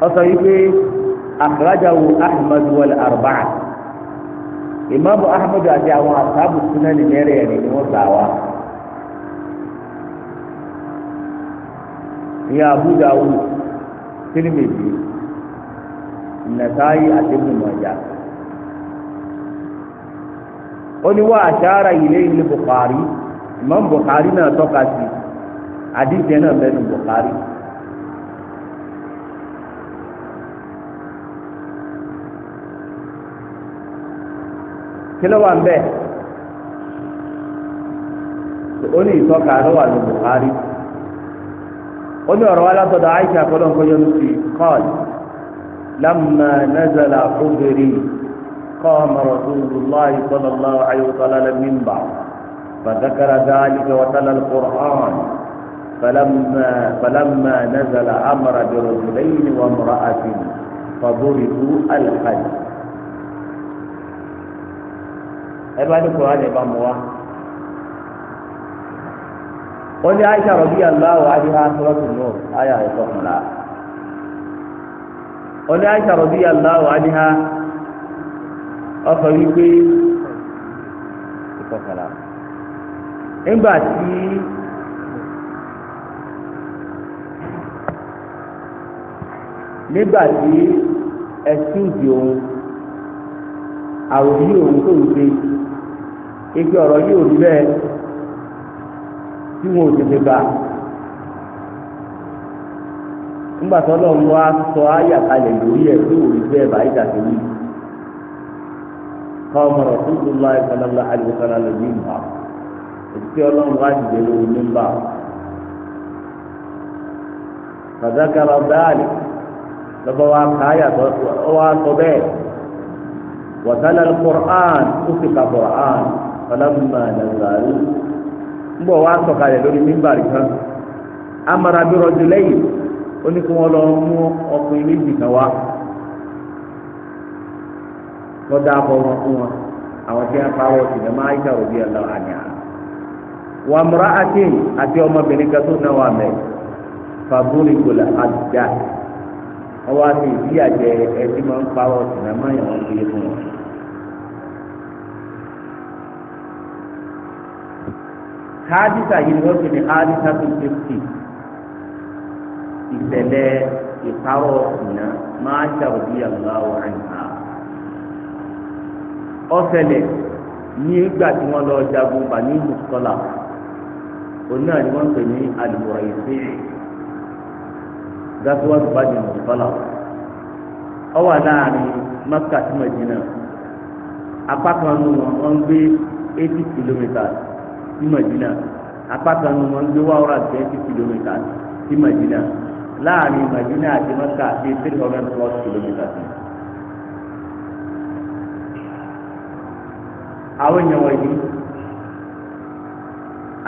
A: ọsọ yìí pé akhrajahu ahmad wal arba'a. imamu ahmed àti àwọn àtàbù súná ní mẹ́rẹ̀ẹ̀rin ni wọ́n gbà wá. ìyá Abu Dawud Tirmidhi Nasa'i àti Ibn ó ní wá àṣàrà ilé ilé bukari ìmáàmù Bukhari náà tọ́ka sí àdìsẹ́ náà bẹ́ẹ̀ kí ló wà ń bẹ̀ ó ní ìtọ́ka ló wà ní Bukhari ó ní ọ̀rọ̀ wa látọ̀dọ̀ Aisha kọ́dọ̀ nǹkan yẹn ti kọ́ọ̀lì lamma nazala hubiri qama Rasulullah sallallahu alaihi wa sallam minba فذكر ذلك وتلا القرآن فلما فلما نزل امر برجلين وامرأة فضربوا الحج ẹ bá ní kúránì bá mu wá. wọ́n ní aisha rọ̀bí aláwọ̀ adìhá sọ́lọ́tù nù ayà ìtọ́kùnlá. wọ́n ní aisha rọ̀bí aláwọ̀ adìhá ọkọ̀ wípé ìtọ́kùnlá. nígbà tí nígbà tí ẹsùn di òun àwòrán òun tó ike ọ̀rọ̀ yóò rí bẹ́ẹ̀ tí wọn ò tètè bá nígbà tó lọ́n wá sọ ayé àkàlẹ̀ lórí ẹ̀ tó rí bẹ́ẹ̀ báyìí dàbí wí kọ́ ọmọ rẹ̀ tó tó lọ́ọ́ ẹ̀ka lọ́la àlùkò lọ́la lórí ìmọ̀ ètùtù ọlọ́run wá dìde lórí nígbà fàdákàrà báàlì lọ́ba wa káyà tó wá sọ bẹ́ẹ̀ wọ́tálẹ̀ kùrán ó sì ka kùrán. ọlọ́mọ nàzàrí ń bọ̀ wá sọ̀kalẹ̀ lórí mímbàrí kan amara lẹ́yìn ó ní kí wọ́n lọ mú ọkùnrin méjì kan wá lọ́dọ̀ abọ́ wọn fún wọn àwọn tí wọ́n parọ́ sí ní máa yíká òbí ọ̀la àná wọ́n múra àti àti ọmọbìnrin kan tó fàbúrì gbòlà àdìjà ẹtí máa ń máa hadisa yìí ni wọ́n ti ní hadisa tó ti fi ìṣẹ̀lẹ̀ ìparọ́ ìná máa ṣàròbí àgbáwò àyìnká. ọ̀sẹ̀lẹ̀ ní ìgbà tí wọ́n lọ jagun bani mùsùlùmá òun náà ni wọ́n pè ní àlùbọ̀rọ̀ ìṣe gasuwatu bani mùsùlùmá ọwọ́ láàrin Mẹ́kà sí Mẹ́dínà apá kan nù wọn wọ́n gbé eighty kilometres. sí Madina apákan ní wọn gbé wáwúrà twenty kilometers sí Madina láàrin Madina àti Maka bíi three hundred plus kilometers. àwọn èèyàn wọ̀nyí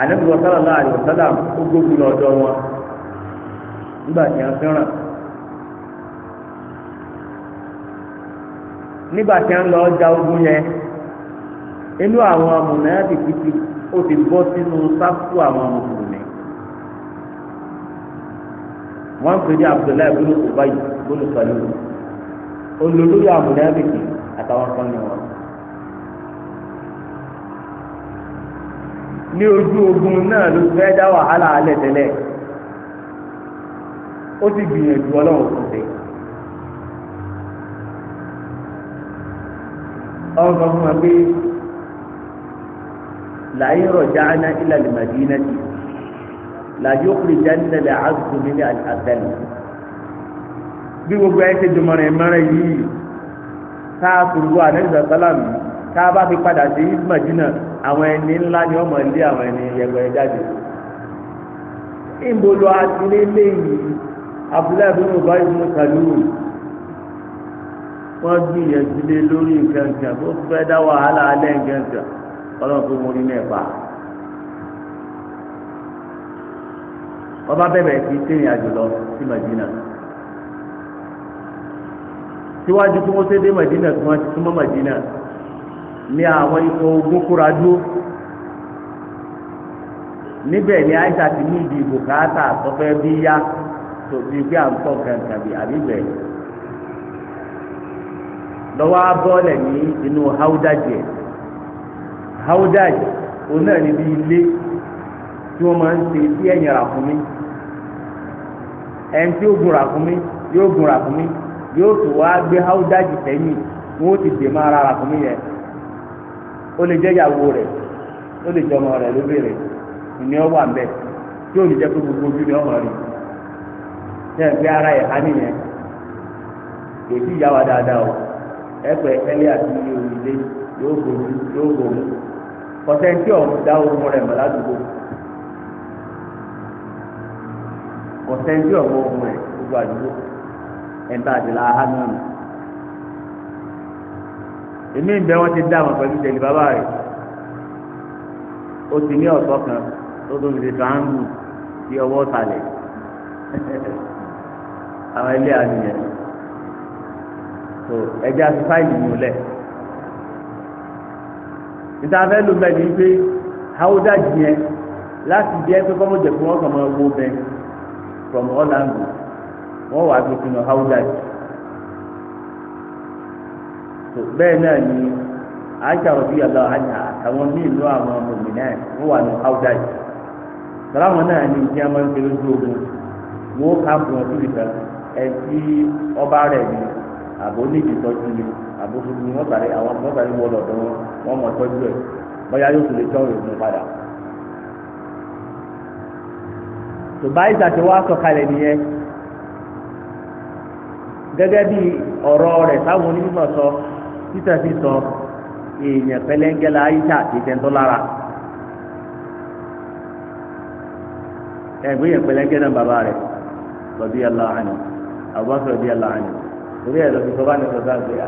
A: ànábi wọ́sálà láàrin wọ́sálà ó gbógun wọn nígbà tí lọ ja ogun yẹn inú àwọn fi ó ti bọ́ sínú sáfù àwọn mùsùlùmí wọ́n pè ní abdullahi bólú ubayi bólú salimu olólùyà amúnábìkì àtàwọn kan ní wọn. ní ojú ogun náà ló fẹ́ dá wàhálà alẹ́ tẹ́lẹ̀ ó o gbìyànjú ọlọ́run kò sí. ọ̀rọ̀ fún wa pé. láyé rọjá aná ilà lìmàdínà tì láyé òkúri jáde lè àgùn mi ní àtẹlẹ bí gbogbo ayé ti dùmọ̀rẹ̀ mẹ́rẹ̀ yìí tá a kò lu àdéhùn sàlámù tá a bá fi padà sí màdínà àwọn ẹni ńlá ni ọmọ ilé àwọn ẹni yẹgbẹrẹ jáde ìbolo àtìlélẹ́ yìí abdullahi bin ubay bin salul wọ́n gbìyànjú lé lórí nǹkan kan ó wàhálà alẹ́ nǹkan ọlọ́run tó mórí mẹ́fà ọba bẹ̀rẹ̀ sí sẹ́yìn àjò lọ sí Madina síwájú tí wọ́n ṣe dé Madina tí wọ́n ti súnmọ́ Madina ní àwọn ikọ̀ ogun kóra dúró níbẹ̀ ni Aisha ti ní ibi bùkátà sọfẹ́ bí yá tó fi gbé à ń tọ́ kankan bí àbíbẹ̀ lọ́wọ́ abọ́lẹ̀ ní inú haúdà haudaj òun náà níbi ilé tí o máa ń ṣe sí ẹ̀yìn ràkúnmí ẹni tí ó gun ràkúnmí yóò gun ràkúnmí yóò tún wá gbé haudaj sẹ́yìn wọ́n ti dè máa ra ràkúnmí yẹn ó lè jẹ́ ìyàwó rẹ̀ ó lè jẹ́ ọmọ rẹ̀ lóbìnrin ìní ọwọ́ àbẹ̀ tí ò ní pé gbogbo ojú ni ọmọ rẹ̀ ṣe ń gbé ara ha nìyẹn dáadáa o ẹ àti ilé kọsẹ́ntì ọ̀hún dá ohun rẹ̀ mọ̀ ládùúgbò kọsẹ́ntì ọ̀hún ohun rẹ̀ gbogbo àdúgbò ẹ̀ńtà àdìlà ahánàmù èmi ìbẹ́ wọn ti dá àwọn pẹ̀lú ìṣẹ̀lẹ̀ bàbá rẹ̀ ó ti ní ọ̀tọ́ kan tó tó lè tó áńgù sí ọwọ́ sàlẹ̀ àwọn ilé àdìyẹ tó ẹja ti fáìlì mú lẹ̀ níta fẹ́ ló bẹ́ẹ̀ ni pé àwòdà jìyẹn láti jẹ́ pé kọ́mọ jẹ fún wọn máa wó bẹ́ẹ̀ from Holland wọ́n wà á gbé sínú àwòdà jì bẹ́ẹ̀ náà ni àṣà òbí ọ̀dọ́ àṣà àtàwọn míì ló àwọn òmìnira wọ́n wà ní àwòdà jì sọláwọ náà ní ìdí àwọn ìpele ojú ogun wọ́n kà fún ọdún ìgbà ẹ̀ tí ọba rẹ̀ ni àbò nídìí tọ́jú ni àbóso ni wọ́n sàré àwọn wọ́n sàré wọ́n lọ́dọ̀ wọn wọ́n mọ̀ tọ́jú bóyá yóò tún lè tọ́ ìròyìn mu padà. tòbá ìgbà tí wọ́n nìyẹn gẹ́gẹ́ bí ọ̀rọ̀ rẹ̀ táwọn onímọ̀ sọ títẹ̀ sí sọ èèyàn pẹlẹ́ngẹ́ la ayíṣà àti ìtẹ́ntọ́ lára ẹ̀gbọ́n èèyàn pẹlẹ́ngẹ́ náà bàbá rẹ̀ lọ́bí ẹ̀ lọ́hàní àbúrò sọ̀rọ̀ bí ẹ̀ lọ́hàní torí ẹ̀ lọ́bí sọ́bà ní sọ́dá gbéra.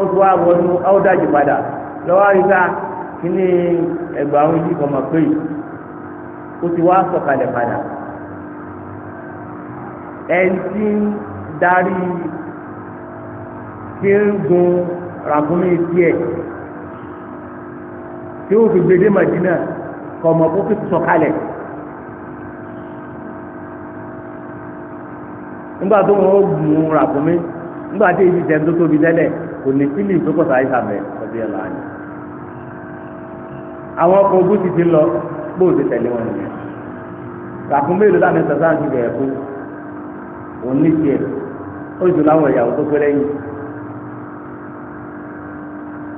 A: ó fi wá wọnú áódájì padà lọ́wọ́ àríwá kíní ẹgbàá àwọn yìí kọ́mọ pé ó ti wá sọ̀kalẹ̀ padà ẹni tí ń darí tí ń gun ràkúnmí tiẹ̀ tí ó fi gbèdé màdínà kọ́mọ kó fi sọ̀kalẹ̀. nígbà tó kò ní fílì tó kọ̀ sáyé sàbẹ̀ ọdún yẹn lánàá àwọn ọkọ̀ ogun ti ti lọ gbóò ti tẹ̀lé wọn nìyẹn kàkún mélòó láti sọ̀tàn ti bẹ̀rẹ̀ fún òní tiẹ̀ ó jù láwọn ìyàwó tó péré yìí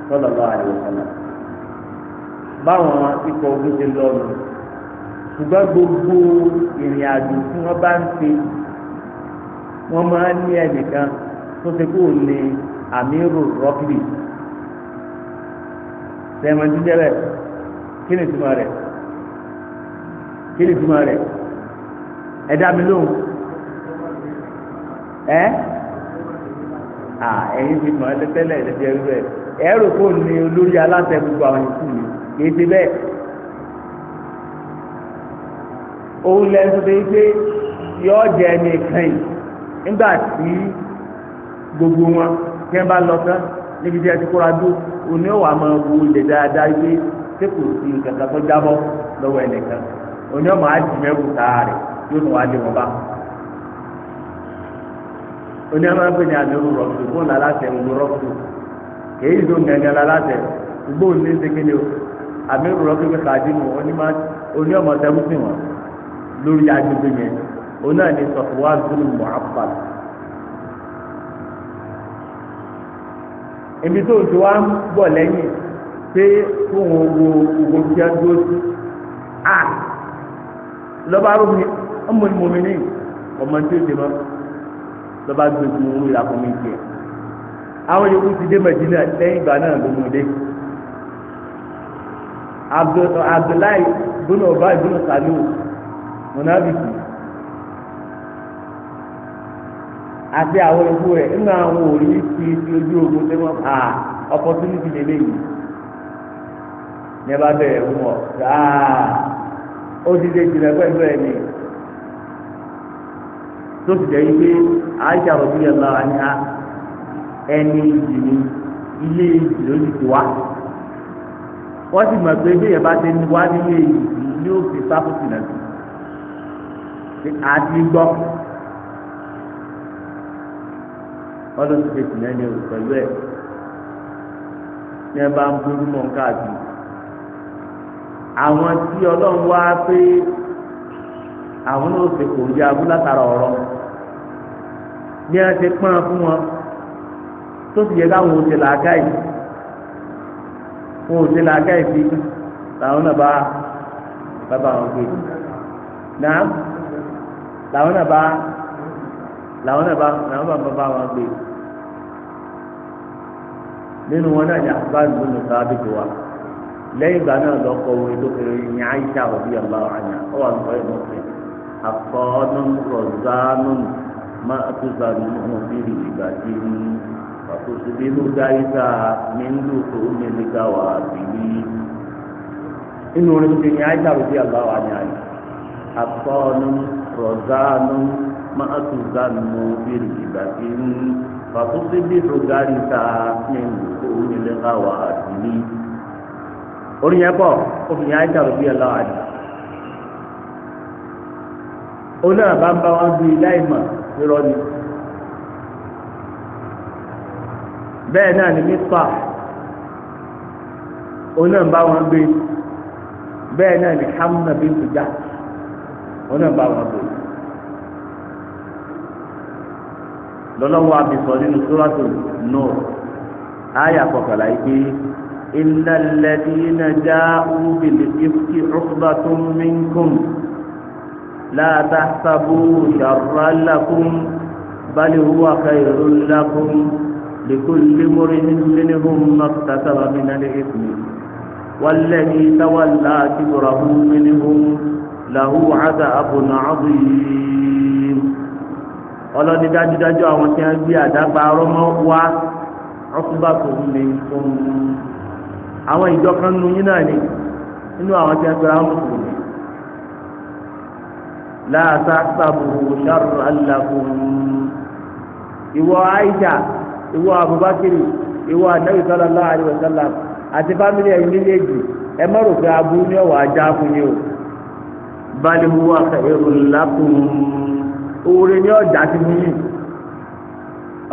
A: sọ́dọ̀ lọ́wọ́ àdìwọ̀ sọ́dọ̀ báwọn ikọ̀ ogun ti lọ nù ṣùgbọ́n gbogbo ìrìn àjò tí wọ́n bá ń ṣe wọ́n máa ń ní ẹnìkan tó ṣe kó lè amiru rọkìlì sẹ́mọ̀tì jẹ́bẹ̀ kí ni túmọ̀ rẹ̀ kí ni túmọ̀ rẹ̀ ẹ dá mi lóhùn ẹ à ẹ̀yin fi mọ̀ ẹ́ tẹ́lẹ̀ ẹ̀ lẹ́bi ẹrú ẹ̀ ẹ̀rọ kò ní olórí aláṣẹ gbogbo àwọn ìkú mi kì í ti bẹ́ẹ̀ òun lẹ́nu tó ti pé yọ ọ́ jẹ́ ẹni kan yìí nígbà tí gbogbo wọn tí ẹ bá lọ tán níbi tí ẹ ti kóra dó òní ò wà máa wo ilẹ̀ dáadáa gbé tí kò sí nǹkan kan tó jábọ́ lọ́wọ́ ẹnìkan òní ò máa dì mẹ́rù tààrẹ̀ yóò nù wá lé wọn bá òní ẹ máa ń pè ní àmì òru rọ̀tù fún làlásẹ̀ òru rọ̀tù ló ń gẹ̀gẹ̀ làlásẹ̀ ṣùgbọ́n òní ṣe kéde o àmì òru rọ̀tù fi kàdí mu òní ọmọ tẹ́kùsì wọn lórí agbègbè yẹn òní àní sọ̀tù wá ibi tó ti wá ń bọ̀ lẹ́yìn pé fóun wo gbogbo tí a dúró sí a lọ́ba rú mi ọmọ ni mo mi ní ọmọ tí ó ti mọ́ lọ́ba gbogbo owó ìlàkùn mi tiẹ̀ àwọn yòókù ti dé Mẹdínà lẹ́yìn ìgbà náà ló mú dé Abdullahi bùnú ọba ìbùnú sàlù mọ̀nàbìkì. àti àwọn ikú rẹ̀ nínú àwọn òrí ti ojú ogun tí wọ́n pa opportunity lélẹ̀ yìí ní ẹ bá bẹ̀rẹ̀ wọ́n mọ̀ gáà ó ti dé jìnnà pẹ̀lú ẹ̀ ní tó ti jẹ́ àìsàn òbí yẹn lọ ha ẹni ni ilé ìjì ti wá wọ́n sì mọ̀ pé bí bá ti wá nílé wọn ló ti ṣe náà ní o pẹ̀lú ẹ̀ ní ẹ bá ń bójú mọ́ káàkiri àwọn tí ọlọ́run wá pé àwọn náà ṣe kò ń jẹ abú látara ọ̀rọ̀ ní ẹ ti pọ́n fún wọn tó sì yẹ káwọn ò ṣe làákàyè wọn ò ṣe làákàyè sí làwọn náà bá bàbá wọn gbé náà làwọn náà bá làwọn náà bá làwọn bá bá wọn gbé nínú wọn náà yà bá lù ní sábà tó wa lẹ́yìn ìgbà náà lọ kọ orin tó kéré ní àyíṣà òbí ọba àyà ó wà lọ́wọ́ ẹ̀ lọ́sẹ̀ àkọ́ọ́nù rọ̀zánù má àtúnṣà nínú òbírí ìgbà tí ń pàtó nínú dáríta ní ń lò tó ní nígbà wà bìbí nínú orin tó ní àyíṣà òbí ọba àyà àkọ́ọ́nù rọ̀zánù máa tún dánú bíi ìgbà tí ń fàtúnṣe bí rògárì ta ní òun ilé káwa àdìní. orin yẹn pọ̀ ó fi yẹn á jà lóbi ẹ̀ lọ́wọ́ àdì. òun náà bá ń bá wọn bí láìmọ̀ nírọ́ ni. bẹ́ẹ̀ náà ni mísà òun náà bá wọn gbé bẹ́ẹ̀ náà ni hamna bí tùjá òun náà bá wọn gbé. lọ́lọ́wọ́ abisọ nínú sóràtò nùr àyà kọkànlá yìí pé iná lẹ́dí iná já wúbìlì ìfúkì ọ̀kúbà tó ń mí kùn láàtà sábú ṣàrà lakum bal huwa khayrun lakum likulli mur'in minhum maktasaba min al-ithmi والذي تولى كبره منهم له عذاب عظيم ọlọ́ni dájúdájú àwọn tí wọ́n gbé àdágbà rọ́mọ́ wá ọkùnbà tó ń lè fún un. àwọn ìjọ kan nu yín náà ni nínú àwọn tí wọ́n gbé àwọn mùsùlùmí. láàtà sábùrù sàrù aláfún. ìwọ Aisha ìwọ Abubakar ìwọ anabi sallallahu alaihi wasallam àti fámìlì ẹ̀yìn méjèèjì ẹ má rò pé aburú ni ọ̀wọ́ ajá fún yín o. bal huwa khairul lakum oore ní ọjà ti mú yìí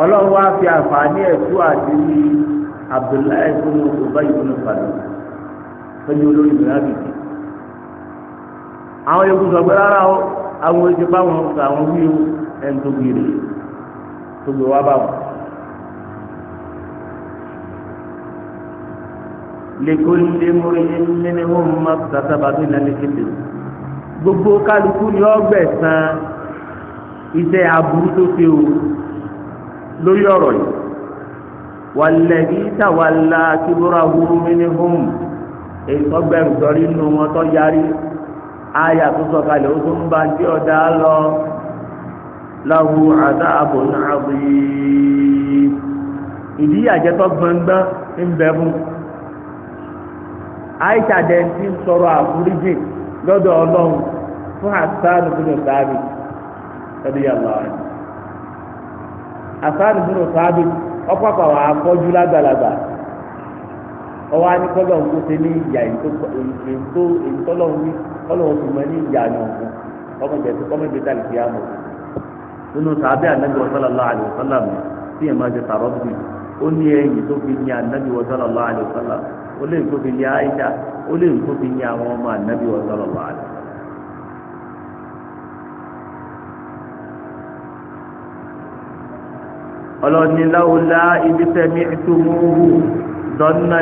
A: ọlọ́run wá fi àǹfààní ẹ̀tú àti abdullahi fún ọbayi fún ọbayi fẹ́ẹ́ olórí mìíràbìtì àwọn yòókù sọ pé rárá o àwọn oṣù bá wọn sọ àwọn wíwú ẹ̀ ń tó gbére tó wá bá wọn. lèkóni lémúri nínú ìhùn mọ́tò tàbí abínà lẹ́kẹ̀tẹ̀ gbogbo kálukú ni ọgbẹ̀ sàn iṣẹ́ aburú tó ṣe o lórí ọ̀rọ̀ yìí wàlẹ́bí tàwálà kíbúrà húrúmínì hóm èso bẹ̀rù sọrí nù wọn tó yarí ayà tó sọ̀kalẹ̀ ó tó ń ba tí ọ̀dà lọ lahu àdáàbò náà bí ìdíyàjẹtọ gbọngbọn ń bẹ fún aisha dẹ́ntì sọ̀rọ̀ àforíjì lọ́dọ̀ ọlọ́run fún àtàlùfínà sábì radiyallahu anhu asaani bunu saabi ọkpọkọ wa afọjú lágbàlagbà ọwọ anikọlọ ńkó se ní ìyá ètò ìtọlọ ńwí kọlọ ọsùnmọ ní ìyá ní ọkùn kọmọdé tó kọmọdé tá lùkìá mọ nínú sàábẹ anabi sallallahu alaihi wasallam tí ẹ máa ṣe tààrọ bì ó ní ẹ̀yìn tó fi ní anabi sallallahu alaihi wasallam ó lè tó fi ní Aisha ó lè tó fi ní àwọn ọmọ anabi sallallahu alaihi. ọlọ́ni láwùlá ibi tẹ̀mí ìtumúhù dọ́nà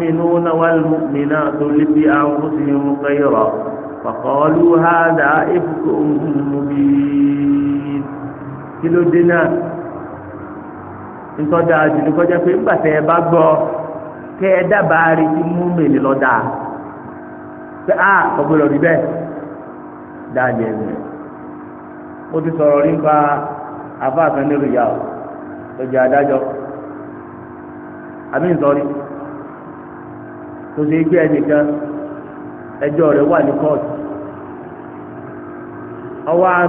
A: mímú wà mímú náà tó lè fi àwọn mùsùlùmí ha dà ìfúkọ̀ mùmí. kí ló náà ntọ́jà àjùlù pé ńgbà bá gbọ́ kẹ́ ẹ dábàá rí a rí bẹ́ẹ̀ ẹ̀ ti sọ̀rọ̀ nípa tó jẹ́ adájọ́ àmì ìtọ́rí tó ṣe gbé ẹnìkan ẹjọ́ rẹ wà ní kóòtù ọwọ́ á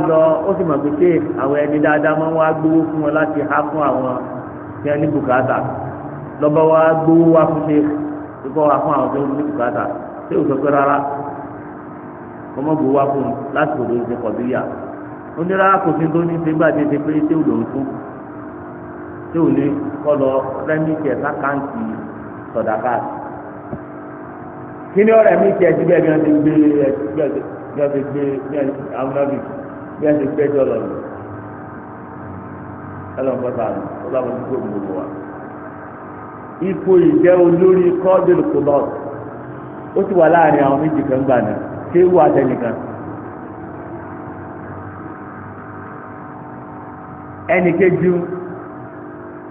A: ó sì mọ̀ pé pé àwọn ẹni dáadáa máa ń wá gbowó fún wọn láti há fún àwọn tí wọ́n ní bùkátà lọ́ba wá gbowó wá fún ṣe kíkọ́ wá fún àwọn tó ní bùkátà ṣé ò sọ pé fún un láti ó ní rárá kò sí tó ní tí ò lè kọ́ lọ rẹ́mìtì ẹ̀ sákàǹtì sọ̀dàkà. kí ni ọ̀rẹ́ mi tiẹ̀ ti bẹ́ẹ̀ bí wọ́n ti gbé bí wọ́n ti gbé amúnábì bí wọ́n ti gbé ẹjọ́ lọ bọ́tà ó gbogbo wa. ipò olórí ó ti wà láàrin àwọn méjì kan náà ṣé wà tẹnìkan. ẹnì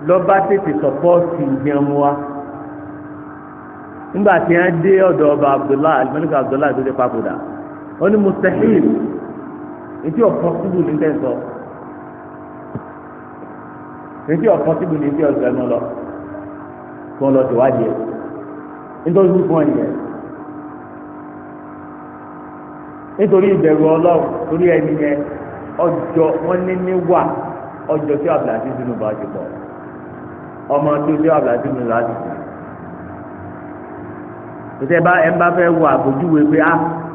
A: lọ́ba tètè sọ́pọ́ọ̀tì ìjẹun wa nígbà tí wọ́n dé ọ̀dọ̀ ọba abdullahi alimọ́nìkà abdullahi tó dé papòdà ó ní mustahil etí ọ̀pọ̀ síbù ní tẹ̀sán etí ọ̀pọ̀ síbù ní tí ọ̀sẹ̀ náà lọ kí wọ́n lọ tẹ̀wádìí ẹ̀ nítorí fún wọn yẹn nítorí ìbẹ̀rù ọlọ́run torí ẹni ọjọ́ wọn ní ní wà ọjọ́ tí ọmọ tó ṣe àbùlàdì mi láti sùn tòtẹ́ bá ẹ̀ ń bá fẹ́ wọ àbójúwe pé á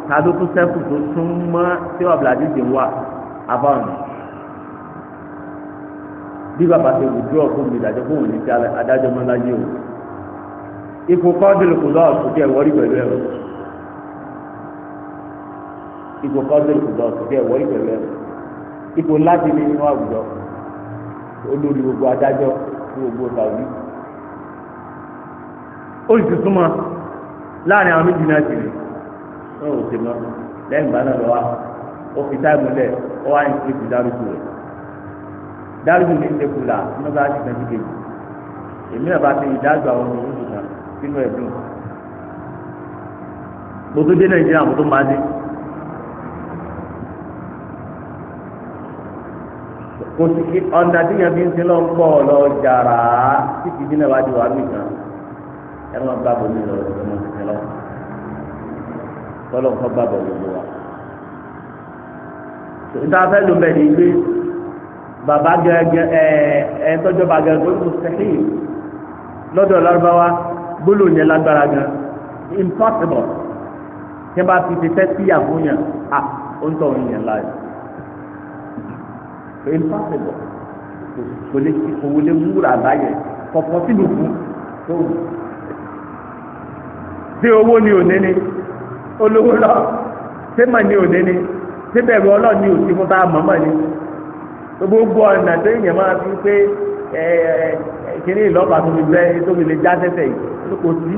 A: ta ló tún sẹ́kù tó tún mọ́ tí àbùlàdì ti wà abáwọn bí bàbá ṣe wùdúrọ̀ fún mi ìdájọ́ fún òní ti adájọ́ mọ́ láyé o ipò kọ́dùlù kù lọ́ọ̀ tó jẹ́ wọ́rí pẹ̀lú ẹ̀rọ ipò kọ́dùlù kù lọ́ọ̀ tó jẹ́ wọ́rí pẹ̀lú ẹ̀rọ ipò láti ní inú àwùjọ olórí gbogbo adájọ́ ní gbogbo tàwí ó sì súnmọ́ láàrin àwọn méjì náà jìnnà ó ò sì mọ lẹ́yìn ìgbà náà lọ wá ó fi táìmù lẹ̀ ó wá ní kíkì dárúkú rẹ̀ dárúkú ní ìṣekù là ní bá ti tẹ̀sí kejì èmi náà bá ti ìdájọ́ àwọn ọmọ òṣùṣù kan sínú ẹ̀dùn gbogbo dé nàìjíríà mo tó máa dé. kò sí kí ọ̀nà tíyẹn fi ń sin lọ ń pọ̀ lọ jàrá tí kì í dín náà wá di wàá mí kan ẹ má bá mí lọ ẹ má sin lọ tọ́lọ́ nǹkan bá bọ̀ wa. ìta fẹ́ ló bẹ̀ ní pé bàbá gẹ́gẹ́ ẹ ẹ tọ́jọ́ bá gbólóhùn sẹ́yìn lọ́dọ̀ lárúbáwá gbólóhùn yẹn lágbára gan impossible tí wọ́n bá fi ti tẹ́ síyà fún à ó ń tọ̀ ń yàn láàyè impossible kò lè kò wọlé wúrà báyẹn kọ̀ọ̀kan sí ló fún tó ṣé owó ni òní ni olówó lọ se mà ni òní ni ṣé bẹ̀rù ọlọ́ọ̀ ni òsì fún bá a mọ̀mọ́ ni gbogbo ọ̀nà tó yẹn máa fi pé ẹ ẹ kiri ìlọ́ba tó fi bẹ́ tó fi lè já tẹ́tẹ́ yìí kò sí.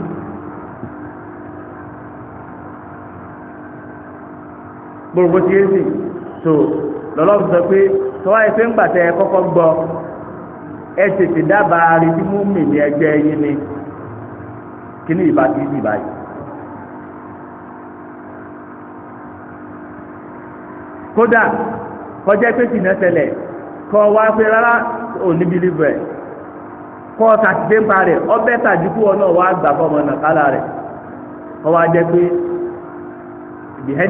A: gbogbo ti yé sí so lọ́lọ́run sọ pé. tọwa wáyé pé ńgbà tẹ ẹ kọ́kọ́ gbọ́ ẹ tètè dábàá rí bí mú mi ní ẹgbẹ́ yín ni kí ni ìbá ti dì báyìí. kódà kọjá pé tìǹà tẹlẹ kọ wá pé rárá òní bílíbù ẹ kọ sàtìdé ńpa rẹ ọbẹ tàdíkù wá pé the ọ̀sìn pé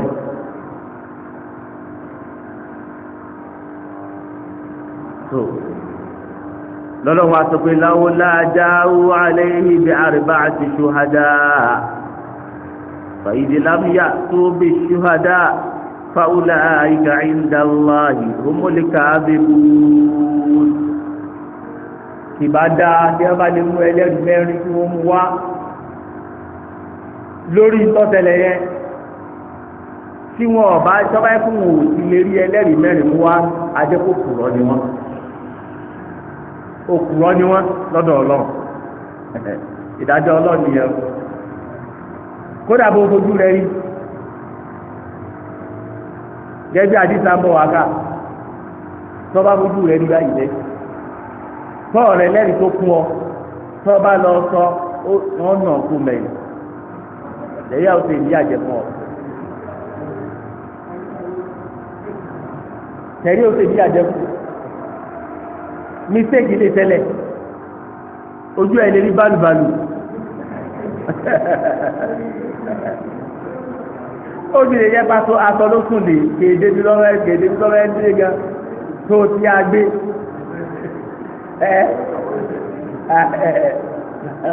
A: ni. tó lọ́lọ́wọ́ àtọ́pẹ́ láwọ́ láàjáwó alayhi bi arba'ati shuhada fàyídì lámúyà tó bi shuhada fa'ulaika 'inda Allahi humul kadhibun. ìbá dáa tí wọ́n bá lè mú ẹlẹ́rìí mẹ́rin tí wọ́n mú wá lórí yẹn tí ọba tọ́ba ẹ̀kún wò ti lè rí ẹlẹ́rìí mẹ́rin mú wá ni òkùrọ́ ni wọ́n lọ́dọ̀ ọlọ́run ìdájọ́ ọlọ́run nìyẹn kódà bó fojú rẹ rí gẹ́gẹ́ àdìsá ń bọ̀ wá ká tọ́ba fojú rẹ rí báyìí rẹ tó kú ọ tọ́ba lọ sọ wọ́n nà mistake lè tẹ́lẹ̀ ojú ẹ̀ lè rí bálùbálù ó ti lè yẹ pàtó aṣọ ló sùn lè kéde bí lọ́rọ́ ẹ̀ kéde bí lọ́rọ́ ẹ̀ ń dé gan tó ti á gbé ẹ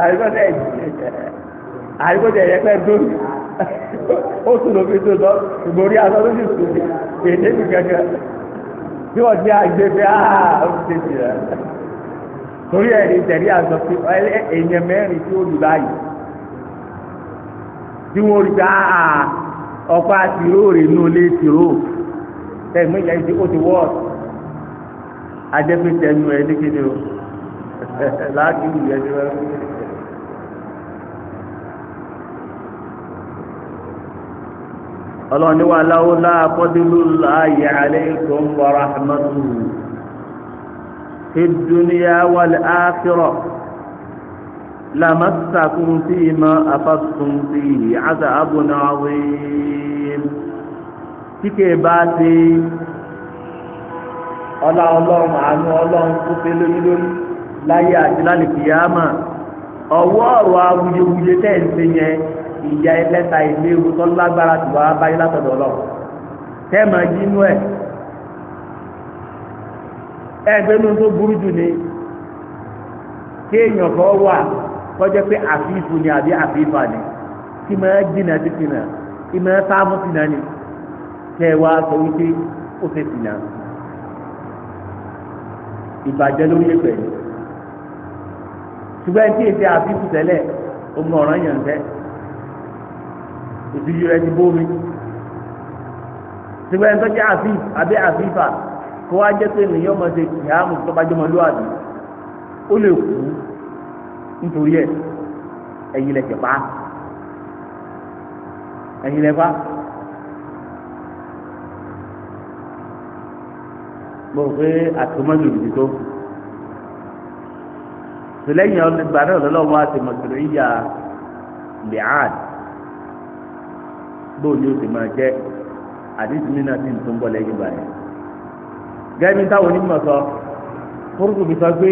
A: àríkọ́tẹ̀ ẹ̀yẹ pẹ́ tó ó sùn lófin tó lọ ìgbòrí aṣọ ló sì sùn kéde bí gángan. bí wọ́n ti àgbẹ̀fẹ́ áá ah, ó ti tètè rẹ̀ torí ẹ̀ ní tẹ̀lé àzọ pé èèyàn mẹ́rin tí ó lù báyìí tí wọ́n rí ta ah, áá ọ̀pá tìró rè nù lé tìró tẹ̀mí ìyá ìdí ó ti tẹnu ẹ̀ ní o láti ìlú ẹ̀ ọlọ́run ní wa láwùlá akọ́dúlù láàyè alaykum wa rahmatuhu fi dunya wal akhirah lamassakum fima afadtum fihi adhabun adhim kíkẹ́ bá ti ọlá ọlọ́run àánú ọlọ́run tó fẹ́ láyé àti lálẹ́ kìyàmà ọwọ́ ọ̀rọ̀ awuyewuye tẹ̀ ń ṣe ìyá ẹlẹ́ta ìléwu tó lágbára tó wàá báyìí látọ̀dọ̀ lọ tẹ́ẹ̀mà yínú ẹ̀ ẹgbẹ́nu tó burú jù ni kéèyàn kan wà kọjá pé àfihàn ni àbí àfihàn ni tí máa jìnà sí fìnà tí máa sáàmù fìnà ni tẹ́ wá sọ wípé ó fẹ́ fìnà ìbàjẹ́ lórí ẹgbẹ́ yìí ṣùgbọ́n tí èsì àfihàn tẹ́lẹ̀ ó ọ̀ràn yàn ìfìyí rẹ ti bómi sígbà ẹni tó jẹ́ àfíf àbí àfífà kó wá jẹ́ pé nìyẹn ọmọ ṣe kìámù tó bá jẹ́ ọmọlúwàbí ó lè kú nítorí ẹ̀ ẹ̀yin lẹ̀ jẹ̀ pa ẹ̀yin lẹ̀ pa mo rò pé àtúmọ̀lù ìdí tó tìlẹ́yìn ọ̀gbà náà lọ́lọ́wọ́ àti mọ̀tìrì ìyá lẹ́hàn bóun ni ó sì máa jẹ́ àdìsí mi náà sì ń tún bọ̀ lẹ́yìn ìgbà yẹn. gẹ́gẹ́ bí táwọn onímọ̀ sọ fúrúkú fi sọ pé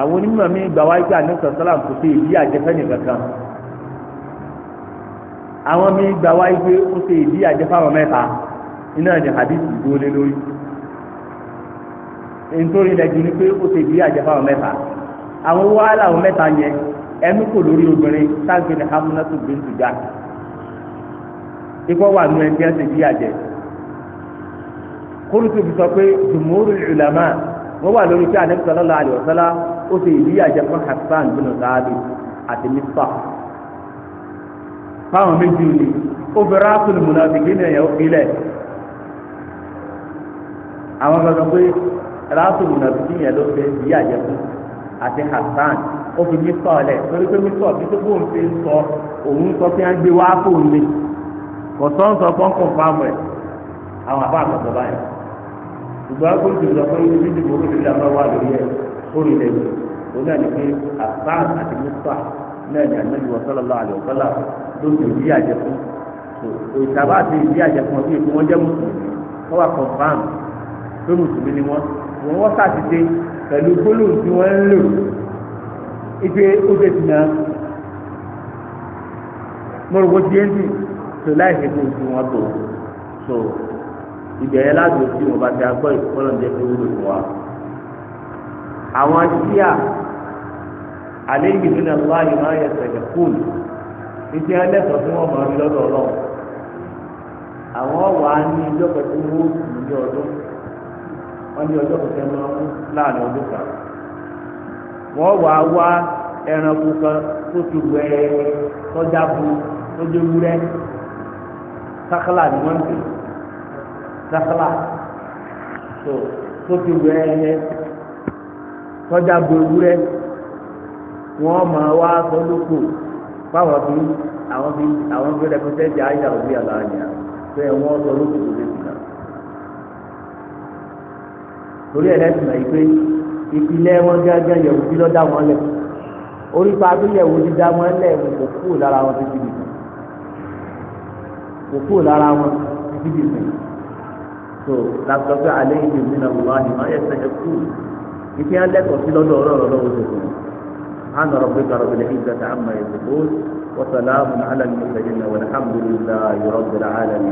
A: àwọn onímọ̀ mi gbà wáyé pé àníṣe sọ́làm kò ṣe ìdí àjẹfẹ́ nìkan kan àwọn mi gbà wáyé pé ó ṣe ìdí àjẹfẹ́ àwọn mẹ́ta iná ni àdìsí dúró lé lórí nítorí lẹ́jọ́ ni pé ó ṣe ìdí àjẹfẹ́ àwọn mẹ́ta àwọn wàhálà àwọn mẹ́ta yẹn ẹnu kò lórí obìnrin táǹkì ní hamlatu bintu jáde ikọ́ wà nù ẹni tí wọ́n ti di àjẹ́ kóòtù fi sọ pé jùmúrù ìlàmà wọ́n wà lórí pé ànábì sallallahu alaihi wasallam ó ti ìdí àjẹ́ fún Hassan bin Thabit àti Mistah fáwọn méjì ni ó fi rákùn mùnàfíkì ní ẹ̀yọ́ ilẹ̀ àwọn kan sọ pé rákùn mùnàfíkì yẹn ló fi ìdí àjẹ́ fún àti Hassan ó fi Mistah lẹ̀ torí pé Mistah bí tó bóun ṣe sọ òun sọ fi hàn gbé wá fóun kò sọ́nsọ́ pọ́ńkù fáàmù ẹ̀ àwọn àbá àtọ̀tọ̀ báyìí ṣùgbọ́n akóso ìjọba pé ibi ìdìbò olóṣèlú ìjọba wà lórí ẹ̀ sórí ilẹ̀ yìí òun náà ní pé àtàn àti mùsà náà ní àná ìwọ sọlọ́lá àlè ọ̀sọ́lá tó ti ìdí àjẹkùn ìtàbá àti ìdí àjẹkùn ọdún ìfún wọn jẹ́ mùsùlùmí wọ́n wà kọ̀ǹfàm pé mùsùlùmí ni wọ́n wọ́n wọ́n sàtìdé pẹ̀lú gbólóhùn tí wọ́n ń lò ibi ó dé ti náà mo wọ́n ti ẹ́ ń dì so láì fi kún wọn tó so ìgbà yẹn lágbo tí wọn bá ti agbọ́ ìkọlọ̀ ń jẹ́ wúlò fún wa. àwọn ṣíà àléébì nínú ẹ̀fọ́ àyè máa yẹ sẹ̀lẹ̀ kúùlù iṣẹ́ ẹlẹ́sọ̀ tí wọ́n máa ń lọ́dọ̀ àwọn á ní ní ọdún ní ọdún láàrin ọdún kan wà á wá ẹranko kan tó ti bu sakala ni wọn ti sakala tó tó ti wẹ ẹ tọjá gbòòrú rẹ wọn máa wá sọlọpọ fáwọn bí àwọn bí àwọn bí rẹpẹtẹ jẹ àyà òbí àlàyé bẹ́ẹ̀ wọn sọlọpọ lórí ìgbà torí ẹ lẹsìn náà yìí pé ìpìlẹ̀ wọn gángan yẹ̀wò bí lọ dá wọn lẹ orí pa abílẹ̀ wo ti dá wọn lẹ wọn kò kúrò lára wọn ti ti dìbò kò kúrò lára wọn títí di sìn so làtọ̀ pé alẹ́ yìí mi nà wọ́n àyè máa yẹ sẹ́yẹ kú ìpín alẹ́kọ̀ọ́ sí lọ́dọ̀ ọlọ́run lọ́wọ́ tuntun hàn ọ̀rọ̀ pé kàrọ̀ bẹ̀rẹ̀ ìgbà tá a mọ̀ ẹ̀